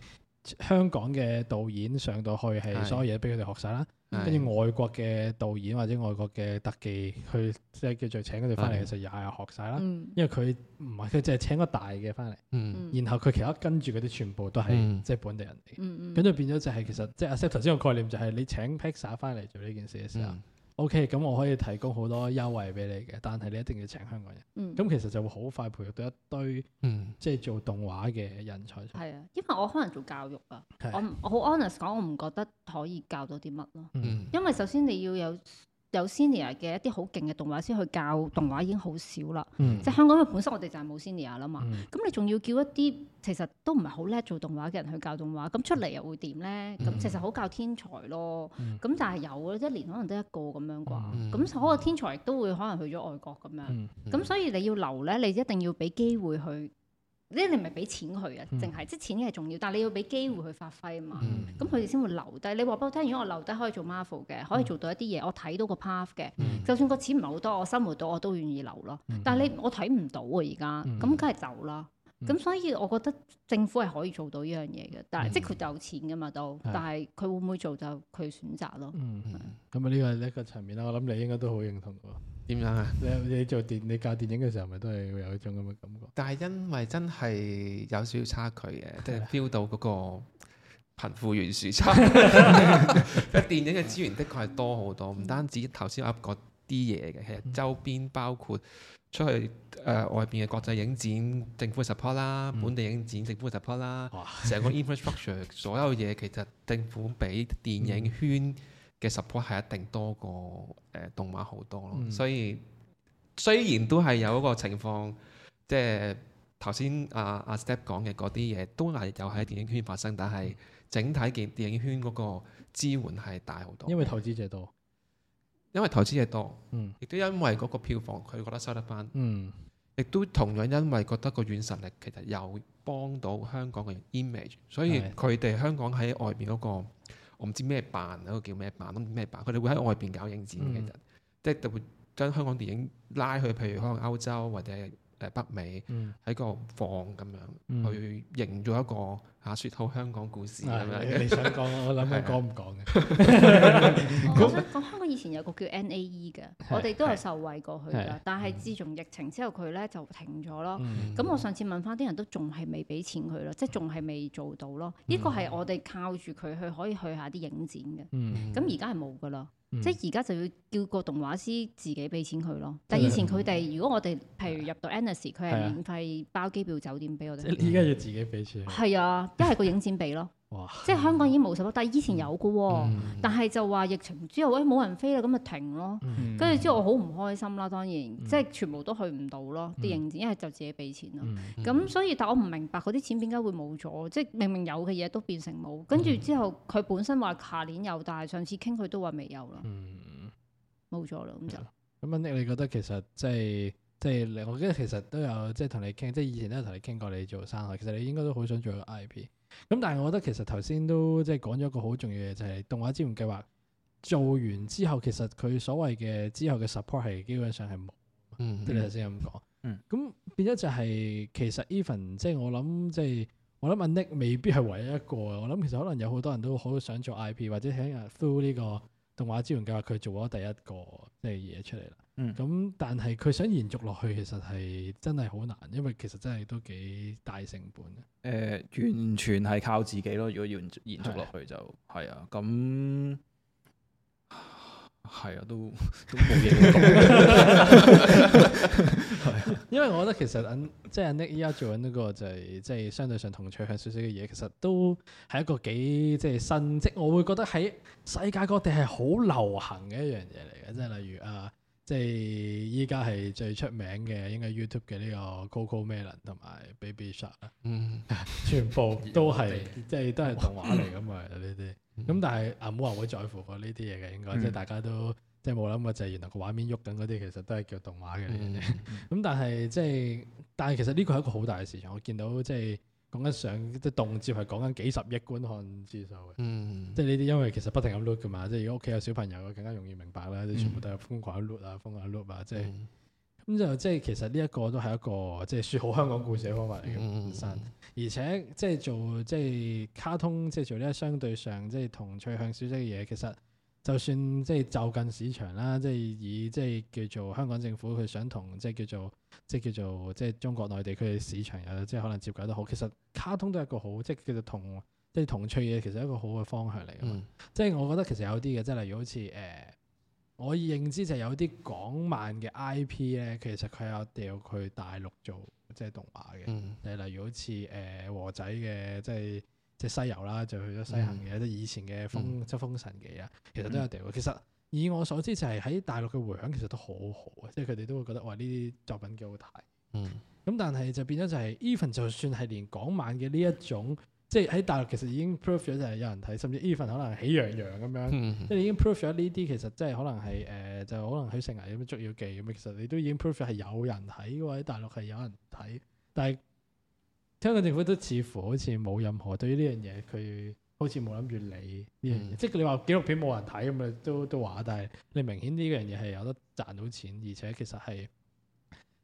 Speaker 1: 即係香港嘅導演上到去係所有嘢俾佢哋學晒啦。嗯跟住外國嘅導演或者外國嘅特技，佢即係叫做請佢哋翻嚟嘅時候，的也係學晒啦。嗯、因為佢唔係佢淨係請個大嘅翻嚟，嗯、然後佢其他跟住嗰啲全部都係、嗯、即係本地人嚟。咁、嗯、就變咗就係、是、其實即係阿 Sir 頭先個概念就係、是、你請 Pixar 翻嚟做呢件事嘅時候。嗯。O.K. 咁我可以提供好多優惠俾你嘅，但係你一定要請香港人。咁、嗯、其實就會好快培育到一堆，嗯、即係做動畫嘅人才。
Speaker 2: 係啊，因為我可能做教育啊的，我我好 honest 講，我唔覺得可以教到啲乜咯。嗯、因為首先你要有。有 senior 嘅一啲好勁嘅動畫師去教動畫已經好少啦，嗯、即係香港佢本身我哋就係冇 senior 啦嘛，咁、嗯、你仲要叫一啲其實都唔係好叻做動畫嘅人去教動畫，咁出嚟又會點咧？咁、嗯、其實好教天才咯，咁、嗯、但係有，一年可能得一個咁樣啩，咁、嗯、所有天才都會可能去咗外國咁樣，咁、嗯嗯、所以你要留咧，你一定要俾機會去。呢你唔係俾錢佢啊，淨係即係錢嘅重要，但係你要俾機會去發揮啊嘛，咁佢哋先會留低。你話俾我聽，如果我留低可以做 Marvel 嘅，可以做到一啲嘢，我睇到個 path 嘅，嗯、就算個錢唔係好多，我生活到我都願意留咯。嗯、但係你我睇唔到啊，而家咁梗係走啦。咁所以我覺得政府係可以做到呢樣嘢嘅，但係即係佢就有錢噶嘛都，但係佢會唔會做就佢選擇咯、嗯。嗯
Speaker 1: 咁啊，呢個係一個層面啦，我諗你應該都好認同點樣啊？你你做電你教電影嘅時候，咪都係會有一種咁嘅感覺。但係因為真係
Speaker 5: 有少少差距嘅，即係 feel 到嗰個貧富懸殊差。因 電影嘅資源的確係多好多，唔單止頭先我噏啲嘢嘅，其實周邊包括出去誒外邊嘅國際影展政府 support 啦，嗯、本地影展政府 support 啦，成哇個 infrastructure 所有嘢其實政府俾電影圈。嘅 support 係一定多過誒動畫好多咯，嗯、所以雖然都係有一個情況，即係頭先阿阿 Step 講嘅嗰啲嘢都係有喺電影圈發生，但係整體電電影圈嗰個支援係大好多。因為投資者多，因為投資者多，嗯，亦都因為嗰個票房佢覺得收得翻，嗯，亦都同樣因為覺得個軟實力其實又幫到香港嘅 image，所以佢哋香港喺外邊嗰個。我唔知咩辦嗰個叫咩辦，唔知咩辦，佢哋會喺外邊搞影展，其實、嗯、即係就會將香港電影拉去，譬如可能歐洲或者，誒北美喺個放咁樣去營咗一個話説好香港故事咁樣，你想講我諗緊講唔講嘅？我想
Speaker 2: 講香港以前有個叫 NAE 嘅，我哋都有受惠過去㗎。但係自從疫情之後，佢咧就停咗咯。咁我上次問翻啲人都仲係未俾錢佢咯，即係仲係未做到咯。呢個係我哋靠住佢去可以去下啲影展嘅。咁而家係冇噶啦。嗯、即係而家就要叫個動畫師自己俾錢佢咯，但係以前佢哋如果我哋譬如入到 Annecy 佢係免費包機票酒店俾我哋。依家、
Speaker 1: 嗯啊、要自己俾錢。係
Speaker 2: 啊，一係個影展俾咯。 哇即係香港已經冇咗，但係以前有嘅、哦。嗯、但係就話疫情之後，喂、哎、冇人飛啦，咁咪停咯。跟住、嗯、之後我好唔開心啦，當然、嗯、即係全部都去唔到咯。啲營業一係就自己俾錢咯。咁、嗯嗯、所以，但我唔明白嗰啲錢點解會冇咗？即係明明有嘅嘢都變成冇。跟住之後，佢本身話下年有，但係上次傾佢都話未有啦。冇咗啦，咁就
Speaker 1: 咁。嗯、你覺得其實即係即係我記得其實都有即係同你傾，即、就、係、是、以前都有同你傾過，你做生啊。其實你應該都好想做個 IP。咁但係我覺得其實頭先都即係講咗一個好重要嘅，就係動畫支援計劃做完之後，其實佢所謂嘅之後嘅 support 係基本上係冇，即係你頭先咁講。咁變咗就係其實 even 即係我諗即係我諗阿 Nick 未必係唯一一個。我諗其實可能有好多人都好想做 IP 或者聽日 through 呢個動畫支援計劃，佢做咗第一個即係嘢出嚟啦。咁、嗯、但係佢想延續落去，其實係真係好難，因為其實真係都幾大成本誒、
Speaker 3: 呃，完全係靠自己咯。如果要延續落去就，就係啊，咁係啊，都都冇嘢講。因為
Speaker 1: 我覺得其實、嗯、即係 Nick 依家做緊呢個就係即係相對上同趨向少少嘅嘢，其實都係一個幾即係新職。即、我會覺得喺世界各地係好流行嘅一樣嘢嚟嘅，即係例如啊。即係依家係最出名嘅，應該 YouTube 嘅呢個 Coco Melon 同埋 Baby Shark 啦，嗯，全部都係即係都係動畫嚟噶嘛，呢啲，咁但係阿冇人會在乎過呢啲嘢嘅，應該，嗯、即係大家都即係冇諗過，就係原來個畫面喐緊嗰啲，其實都係叫動畫嘅，咁但係即係，但係其實呢個係一個好大嘅市場，我見到即係。講緊上即動輒係講緊幾十億觀看次數嘅，嗯，即係呢啲因為其實不停咁 loop 㗎嘛，即係如果屋企有小朋友，更加容易明白啦，啲、嗯、全部都係瘋狂 loop 啊，瘋狂 loop 啊，即係咁、嗯、就即係其實呢一個都係一個即係説好香港故事嘅方法嚟嘅、嗯、而且即係做即係卡通，即係做呢一相對上即係同趣向小姐嘅嘢，其實。就算即係就近市場啦，即係以即係叫做香港政府佢想同即係叫做即係叫做即係中國內地區嘅市場有即係可能接軌得好。其實卡通都係一個好即係叫做同即係同趣嘢其實係一個好嘅方向嚟嘅。即係、嗯、我覺得其實有啲嘅，即係例如好似誒、呃，我認知就係有啲港漫嘅 IP 咧，其實佢有掉去大陸做即係動畫嘅。例如好似誒、呃、和仔嘅即係。即係西遊啦，就去咗西行嘅，即係以前嘅封即係封神嘅嘢，其實都有掉。其實以我所知，就係喺大陸嘅迴響其實都好好嘅，即係佢哋都會覺得哇，呢啲作品幾好睇。
Speaker 5: 嗯，
Speaker 1: 咁但係就變咗就係 even 就算係連港漫嘅呢一種，即係喺大陸其實已經 prove 咗就係有人睇，甚至 even 可能喜羊羊咁樣，即係已經 prove 咗呢啲其實即係可能係誒就可能許誠毅有咩捉妖記咁，其實你都已經 prove 咗係有人睇嘅喎，喺大陸係有人睇，但係。香港政府都似乎好似冇任何對於呢樣嘢，佢好似冇諗住理呢樣嘢。嗯、即係你話紀錄片冇人睇咁啊，都都話。但係你明顯呢樣嘢係有得賺到錢，而且其實係，即、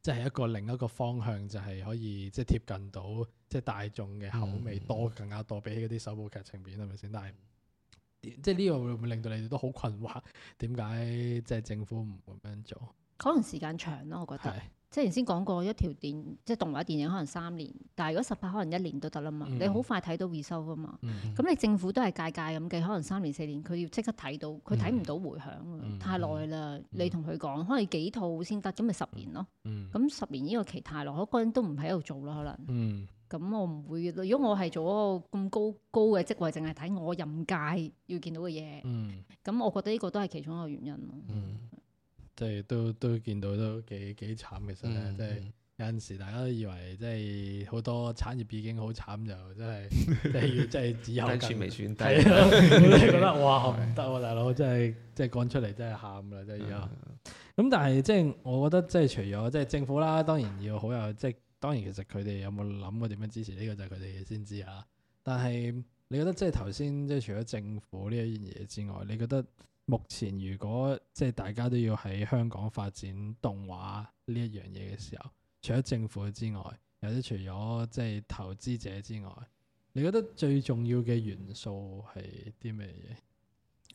Speaker 1: 就、係、是、一個另一個方向就，就係可以即係貼近到即係、就是、大眾嘅口味多更加多，比起嗰啲首部劇情片係咪先？但係，即係呢個會唔會令到你哋都好困惑？點解即係政府唔會咁樣做？
Speaker 2: 可能時間長咯，我覺得。即係原先講過一條電，即係動畫電影，可能三年。但係如果十八，可能一年都得啦嘛。嗯、你好快睇到回收噶嘛？咁、嗯、你政府都係屆屆咁計，可能三年四年，佢要即刻睇到，佢睇唔到迴響、嗯、太耐啦。嗯、你同佢講，可能幾套先得，咁咪十年咯。咁、嗯、十年呢個期太耐，我個人都唔喺度做啦，可能。咁、嗯、我唔會，如果我係做一個咁高高嘅職位，淨係睇我任屆要見到嘅嘢。咁、嗯嗯、我覺得呢個都係其中一個原因咯。嗯嗯
Speaker 1: 即係都都見到都幾幾慘，其實咧，即係有陣時大家都以為即係好多產業已經好慘，就真係即係要即係只有。未算低，你 覺得 哇唔得 啊，大佬，即係即係、真係即係講出嚟真係喊啦，真係要。咁、嗯嗯、但係即係我覺得即係除咗即係政府啦，當然要好有即係、即係，當然其實佢哋有冇諗過點樣支持呢、這個就係佢哋先知啦。但係你覺得即係頭先即係除咗政府呢一樣嘢之外，你覺得？目前如果即係大家都要喺香港發展動畫呢一樣嘢嘅時候，除咗政府之外，有啲除咗即係投資者之外，你覺得最重要嘅元素係啲咩嘢？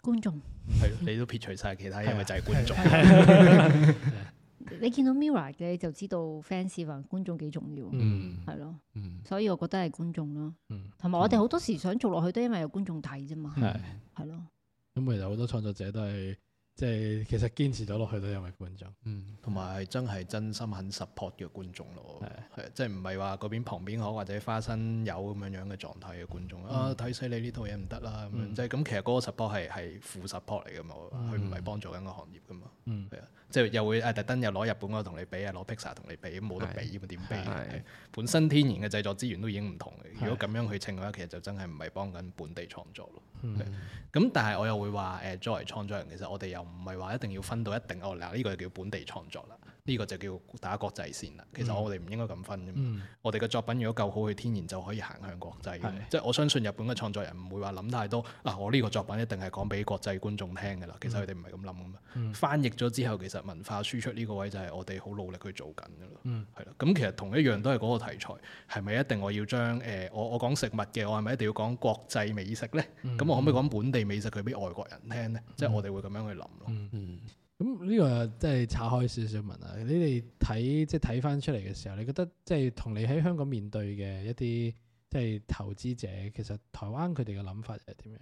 Speaker 2: 觀眾
Speaker 1: 係咯，你都撇除晒其他，因為就係觀眾？啊啊、
Speaker 2: 你見到 Mirror 嘅，就知道 fans 同觀眾幾重要。嗯，係咯，嗯，所以我覺得係觀眾咯。嗯，同埋我哋好多時想做落去都因為有觀眾睇啫嘛。係係咯。
Speaker 1: 咁其實好多創作者都係即係其實堅持咗落去都係因為觀眾，嗯，同埋真係真心肯 support 嘅觀眾咯，
Speaker 4: 係係是，即係唔係話嗰邊旁邊好，或者花生有咁樣樣嘅狀態嘅觀眾、嗯、啊，睇死你呢套嘢唔得啦咁樣，即係咁其實嗰個 support 係係負 support 嚟嘅嘛，佢唔係幫助緊個行業噶嘛，嗯，係啊。即係又會誒特登又攞日本嗰個同你比啊，攞 Pixar 同你比，冇得比，點是比？本身天然嘅製作資源都已經唔同。是如果咁樣去稱嘅話，其實就真係唔係幫緊本地創作咯。咁、嗯、但係我又會話誒，作為創作人，其實我哋又唔係話一定要分到一定哦，嗱、這、呢個就叫本地創作啦。呢個就叫打國際線啦。其實我哋唔應該咁分啫。嗯、我哋嘅作品如果夠好，佢天然就可以行向國際嘅。即係我相信日本嘅創作人唔會話諗太多。嗱、啊，我呢個作品一定係講俾國際觀眾聽㗎啦。其實佢哋唔係咁諗㗎嘛。嗯、翻譯咗之後，其實文化輸出呢個位就係我哋好努力去做緊㗎咯。係啦、嗯，咁其實同一樣都係嗰個題材，係咪一定我要將誒我我講食物嘅，我係咪一定要講、呃、國際美食呢？咁、嗯、我可唔可以講本地美食佢俾外國人聽呢？即係、嗯嗯、我哋
Speaker 1: 會咁樣去諗咯。嗯嗯嗯咁呢個真係拆開少少問啦，你哋睇即係睇返出嚟嘅時候，你覺得即係同你喺香港面對嘅一啲即係投資者，其實台灣佢哋嘅諗法係點樣？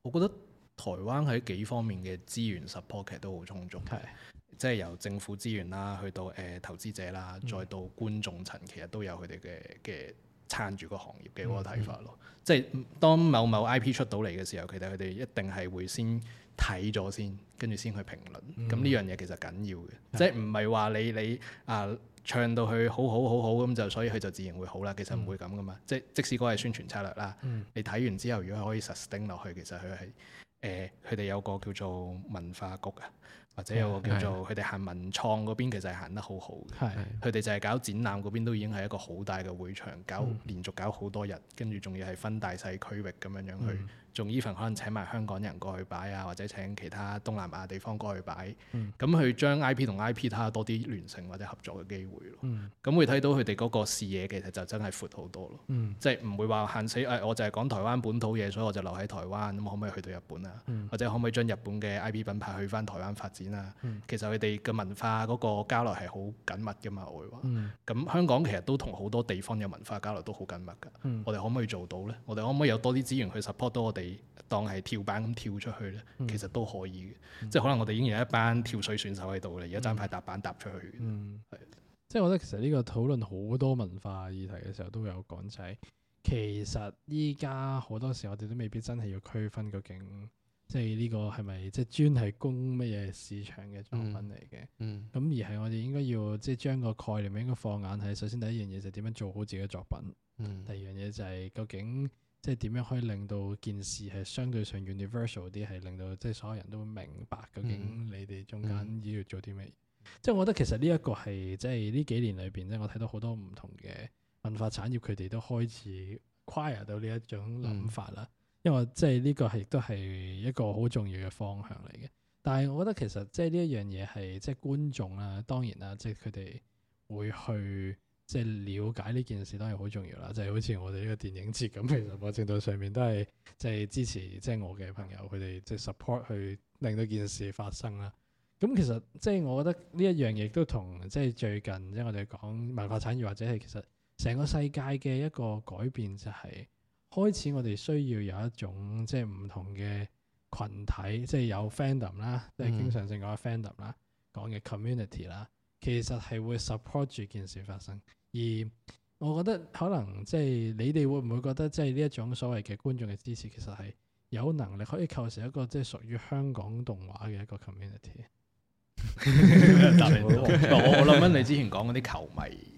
Speaker 1: 我覺得
Speaker 4: 台灣喺幾方面嘅資源 support 其實都好
Speaker 1: 充足，係的即係由政
Speaker 4: 府資源啦，去到誒投資者啦，再到觀眾層，其實都有佢哋嘅嘅撐住個行業嘅嗰個睇法咯。嗯嗯，即係當某某 IP 出到嚟嘅時候，其實佢哋一定係會先。睇咗先，跟住先去評論，咁呢、嗯、樣嘢其實緊要嘅，的即係唔係話你你啊、呃、唱到佢好好好好咁就，所以佢就自然會好啦。其實唔會咁㗎嘛，嗯、即即使嗰係宣傳策略啦。嗯、你睇完之後，如果可以 sustain 落去，其實佢係誒佢哋有個叫做文化局啊，或者有個叫做佢哋的行文創嗰邊，其實行得好好嘅。佢哋的的就係搞展覽嗰邊都已經係一個好大嘅會場，搞、嗯、連續搞好多日，跟住仲要係分大細區域咁樣樣去。嗯仲依份可能請埋香港人過去擺啊，或者請其他東南亞地方過去擺，咁佢將 I P 同 I P 睇下多啲聯乘或者合作嘅機會咯。咁、嗯、會睇到佢哋嗰個視野其實就真係闊好多咯。即係唔會話限死誒、哎，我就係講台灣本土嘢，所以我就留喺台灣。咁可唔可以去到日本啊？嗯、或者可唔可以將日本嘅 I P 品牌去翻台灣發展啊？嗯、其實佢哋嘅文化嗰個交流係好緊密㗎嘛，我會話。咁、嗯、香港其實都同好多地方嘅文化交流都好緊密㗎。嗯、我哋可唔可以做到呢？我哋可唔可以有多啲資源去 support 到我哋？嚟當係跳板咁跳出去咧，其實都可以嘅。嗯、即係可能我哋已經有一班跳水選手喺度啦，而家攢塊踏
Speaker 1: 板踏出去，嗯。嗯，係是。即係我覺得其實呢個討論好多文化議題嘅時候都有講、就係，就係其實依家好多時候我哋都未必真係要區分究竟，即係呢個係咪即係專係供乜嘢市場嘅作品嚟嘅？咁、嗯嗯、而係我哋應該要即係將個概念應該放眼係首先第一樣嘢就點樣做好自己嘅作品。嗯、第二樣嘢就係究竟。即係點樣可以令到件事係相對上 universal 啲，係令到即係所有人都明白究竟你哋中間要做啲咩？嗯嗯、即係我覺得其實呢一個係即係呢幾年裏邊咧，我睇到好多唔同嘅文化產業，佢哋都開始 acquire 到呢一種諗法啦。嗯、因為即係呢個亦都係一個好重要嘅方向嚟嘅。但係我覺得其實即係呢一樣嘢係即係觀眾啦、啊，當然啦，即係佢哋會去。即係了解呢件事當然好重要啦，即係好似我哋呢個電影節咁，其實某程度上面都係即係支持，即係我嘅朋友佢哋即係 support 去令到件事發生啦。咁、嗯嗯、其實即係我覺得呢一樣嘢都同即係最近即係我哋講文化產業或者係其實成個世界嘅一個改變就係開始，我哋需要有一種即係唔同嘅群體，即係有 fandom 啦，即係經常性講嘅 fandom 啦，講嘅、嗯、community 啦，其實係會 support 住件事發生。而我覺得可能即係你哋會唔會覺得即係呢一種所謂嘅觀眾嘅支持，其實係有能力可以構成一個即係屬於香港動畫嘅一個
Speaker 5: community
Speaker 1: 來 我諗翻你
Speaker 4: 之前講嗰啲球迷。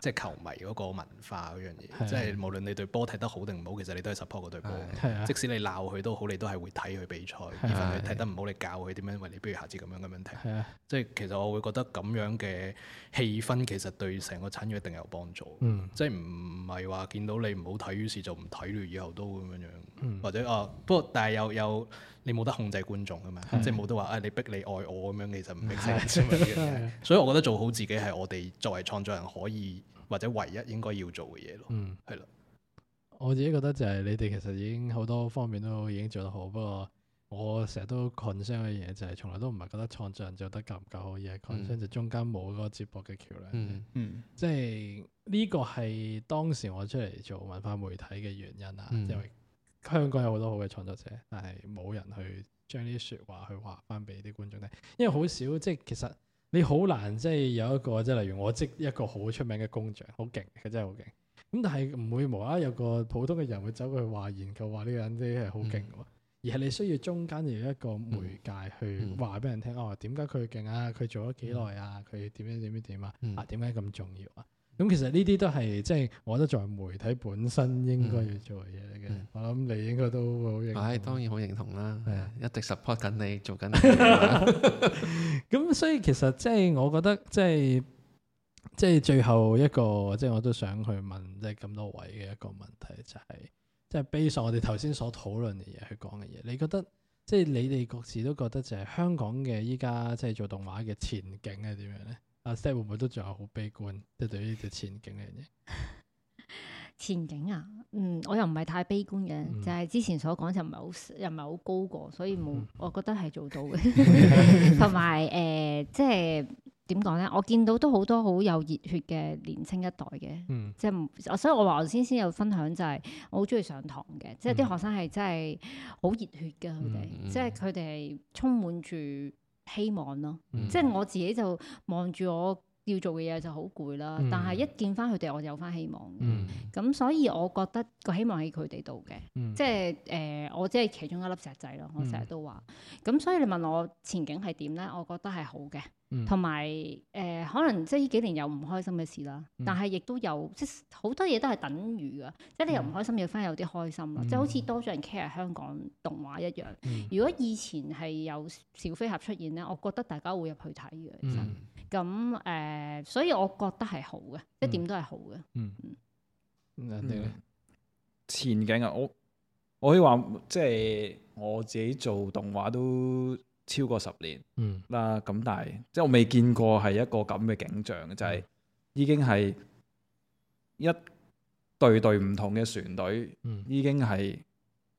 Speaker 4: 即係球迷嗰個文化嗰樣嘢，的即係無論你對波踢得好定唔好，其實你都係 support 嗰隊波。的即使你鬧佢都好，你都係會睇佢比賽。依份佢踢得唔好，的你教佢點樣，喂、哎，你不如下次咁樣咁樣踢。的即係其實我會覺得咁樣嘅氣氛其實對成個產業一定有幫助。嗯、即係唔係話見到你唔好睇，於是就唔睇了，以後都咁樣。嗯，或者啊，不過但係又又。你冇得控制觀眾㗎嘛，是的 即係冇得話，誒、啊、你逼你愛我咁樣，其實唔係嘅。所以，我覺得做好自己係我哋作為創作人可以或者唯一應該要做嘅嘢咯。
Speaker 1: 嗯，係咯。我自己覺得就係你哋其實已經好多方面都已經做得好，不過我成日都 concern 嘅嘢就係從來都唔係覺得創作人做得夠唔夠好，而係 concern 就中間冇嗰個接駁嘅橋梁。嗯，即係呢個係當時我出嚟做文化媒體嘅原因啊，因為，香港有好多好嘅創作者，但係冇人去將呢啲説話去話翻俾啲觀眾聽，因為好少，即係其實你好難即係有一個即係例如我即一個好出名嘅工匠，好勁，佢真係好勁。咁但係唔會無啦啦有個普通嘅人會走過去話研究話呢個人即係好勁嘅，嗯、而係你需要中間有一個媒介去話俾、嗯、人聽，哦點解佢勁啊？佢做咗幾耐啊？佢點樣點樣點啊？點樣點樣點樣點樣啊，點解咁重要啊？咁其實呢啲都係即係，就是、我覺得作為媒體本身應該要做嘅嘢嚟嘅。嗯、我諗你應該都好認同。唉、哎，當然好認同啦，係的一直 support 緊你，做緊。咁 所以其實即係我覺得即係即係最後一個，即、就、係、是、我都想去問即係咁多位嘅一個問題、就是，就係即係 base 上我哋頭先所討論嘅嘢去講嘅嘢。你覺得即係、就是、你哋各自都覺得就係香港嘅依家即係做動畫嘅前景係點樣咧？阿 Sir 會唔會都仲係好悲觀，即係對於嘅前景呢樣嘢？
Speaker 2: 前景啊，嗯，我又唔係太悲觀嘅，嗯、就係之前所講就唔係好，又唔係好高過，所以冇，嗯、我覺得係做到嘅。同埋誒，即係點講咧？我見到都好多好有熱血嘅年青一代嘅，即係、嗯就係，所以我話頭先先有分享就係，我好中意上堂嘅，即係啲學生係真係好熱血嘅，佢哋、嗯，即係佢哋係充滿住。希望咯，嗯、即係我自己就望住我。要做嘅嘢就好攰啦，但係一見翻佢哋我就有翻希望，咁、嗯、所以我覺得個希望喺佢哋度嘅，嗯、即係誒、呃、我即係其中一粒石仔咯。我成日都話，咁、嗯、所以你問我前景係點咧？我覺得係好嘅，同埋誒可能即係呢幾年有唔開心嘅事啦，嗯、但係亦都有即係好多嘢都係等於啊。嗯、即係你又唔開，開心，要翻有啲開心咯，即係好似多咗人 care 香港動畫一樣。嗯、如果以前係有小飛俠出現咧，我覺得大家會入去睇嘅。其實嗯咁誒，uh, 所以我覺得係好嘅，嗯、一點都係好嘅、
Speaker 3: 嗯。嗯嗯，前景啊，我我可以話，即、就、係、是、我自己做動畫都超過十年，嗯啦，咁但係即係我未見過係一個咁嘅景象嘅，就係、是、已經係一對對唔同嘅船隊，已經係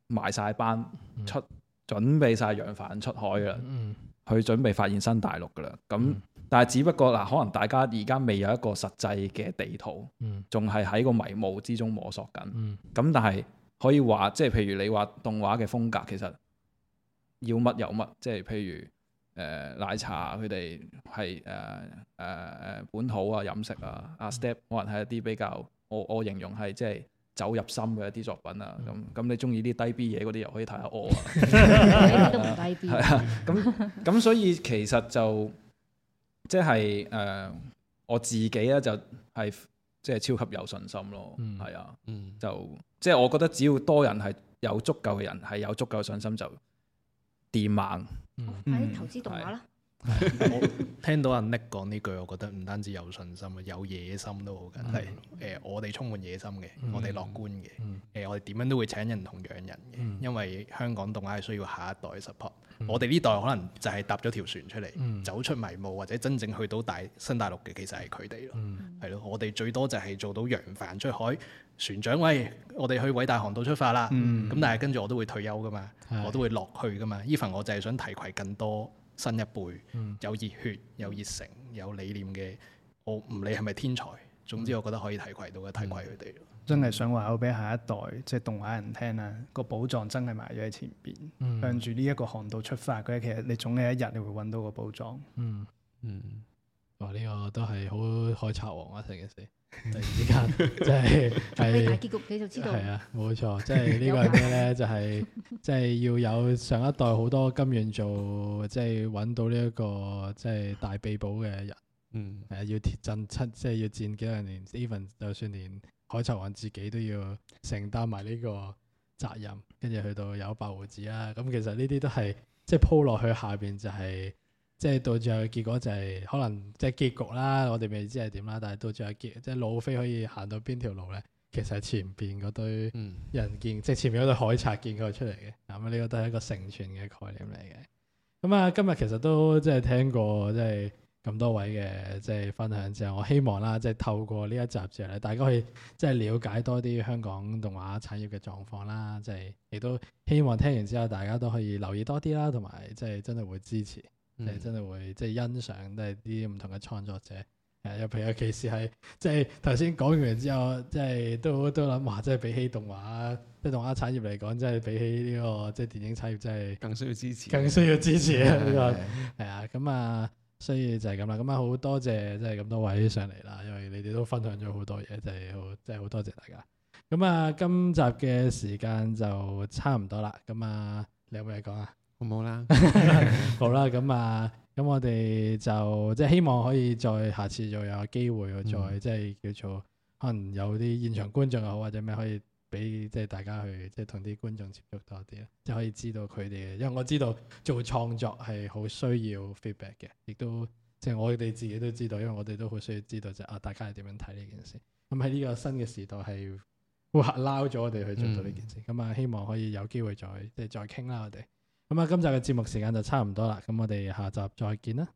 Speaker 3: 埋晒班、嗯、出準備晒揚帆出海嘅。嗯嗯去準備發現新大陸㗎喇，咁但係只不過嗱，可能大家而家未有一個實際嘅地圖，仲係喺個迷霧之中摸索緊。咁但係可以話，即係譬如你話動畫嘅風格，其實要乜有乜，即係譬如誒、呃、奶茶佢哋係誒誒誒本土啊飲食啊，啊、嗯、Step 可能係一啲比較我我形容係即係。走入心嘅一啲作品啊，咁咁你中意啲低 B 嘢嗰啲又可以睇下我啊，係 啊，咁、啊、咁、啊啊啊啊啊、所以其實就即係誒我自己咧就係即係超級有信心咯，嗯，係啊，就即係我覺得只要多人係有足夠嘅人，係有足夠嘅信心就電猛，嗯，哦、
Speaker 2: 快啲投資動畫啦！
Speaker 3: 我聽到阿 Nick
Speaker 4: 講呢句，我覺得唔單止有信心，有野心都好緊。係誒，我哋充滿野心嘅，我哋樂觀嘅。誒，我哋點樣都會請人同養人嘅，因為香港動畫係需要下一代 support。我哋呢代可能就係搭咗條船出嚟，走出迷霧或者真正去到大新大陸嘅，其實係佢哋咯。係咯，我哋最多就係做到揚帆出海，船長，喂，我哋去偉大航道出發啦。咁但係跟住我都會退休噶嘛，我都會落去噶嘛。e 份我就係想提攜更多。新一輩、嗯、有熱血、有熱誠、有理念嘅，我唔理係咪天才，總之我覺得可以提攜到嘅，提攜佢哋。真係想話好俾下一代即係、就是、動畫人聽啊。個寶藏真係埋咗喺前邊，嗯、向住呢一個航道出發咧，其實你總有一日你會揾到個寶藏。
Speaker 1: 嗯嗯，哇！呢、這個都係好海賊王啊，成件事。突然之間，即係係。睇大結局你就知道。係啊，冇錯，即係呢個係咩咧？就係即係要有上一代好多金元做，即係揾到呢一個即係大秘寶嘅人。嗯。誒，要貼進七，即係要戰幾多年，even 就算連海賊王自己都要承擔埋呢個責任，跟住去到有白胡子啦。咁其實呢啲都係即係鋪落去下邊就係。即係到最後嘅結果就係可能即係結局啦，我哋未知係點啦。但係到最後結，即係路飛可以行到邊條路咧？其實前邊嗰堆人見，嗯、即係前邊嗰堆海賊見佢出嚟嘅。咁、嗯、呢、這個都係一個成全嘅概念嚟嘅。咁、嗯、啊，今日其實都即係聽過即係咁多位嘅即係分享之後，我希望啦，即係透過呢一集之後咧，大家可以即係了解多啲香港動畫產業嘅狀況啦。即係亦都希望聽完之後，大家都可以留意多啲啦，同埋即係真係會支持。誒，你真係會即係欣賞都係啲唔同嘅創作者，誒、啊，又譬如尤其是係即係頭先講完之後，即係都都諗話，即係比起動畫，即係動畫產業嚟講，即係比起呢個即係電影產業，真係更需要支持，更需要支持啊！係啊，咁啊，所以就係咁啦。咁啊，好多謝，即係咁多位上嚟啦，因為你哋都分享咗好多嘢，即係好，即係好多謝大家。咁啊，今集嘅時間就差唔多啦。咁啊，你有冇嘢講啊？好唔好啦？ 好啦，咁啊，咁我哋就即係希望可以再下次有再有機會我再即係叫做可能有啲現場觀眾又好或者咩可以俾即係大家去即係同啲觀眾接觸多啲啊，即係可以知道佢哋嘅。因為我知道做創作係好需要 feedback 嘅，亦都即係我哋自己都知道，因為我哋都好需要知道就啊，大家係點樣睇呢件事。咁喺呢個新嘅時代係嘩撈咗我哋去做到呢件事。咁啊，嗯嗯嗯，希望可以有機會再即係再傾啦，我哋。咁啊，今集嘅節目時間就差唔多啦，咁我哋下集再見啦，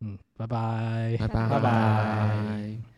Speaker 1: 嗯，拜拜，拜拜，拜拜。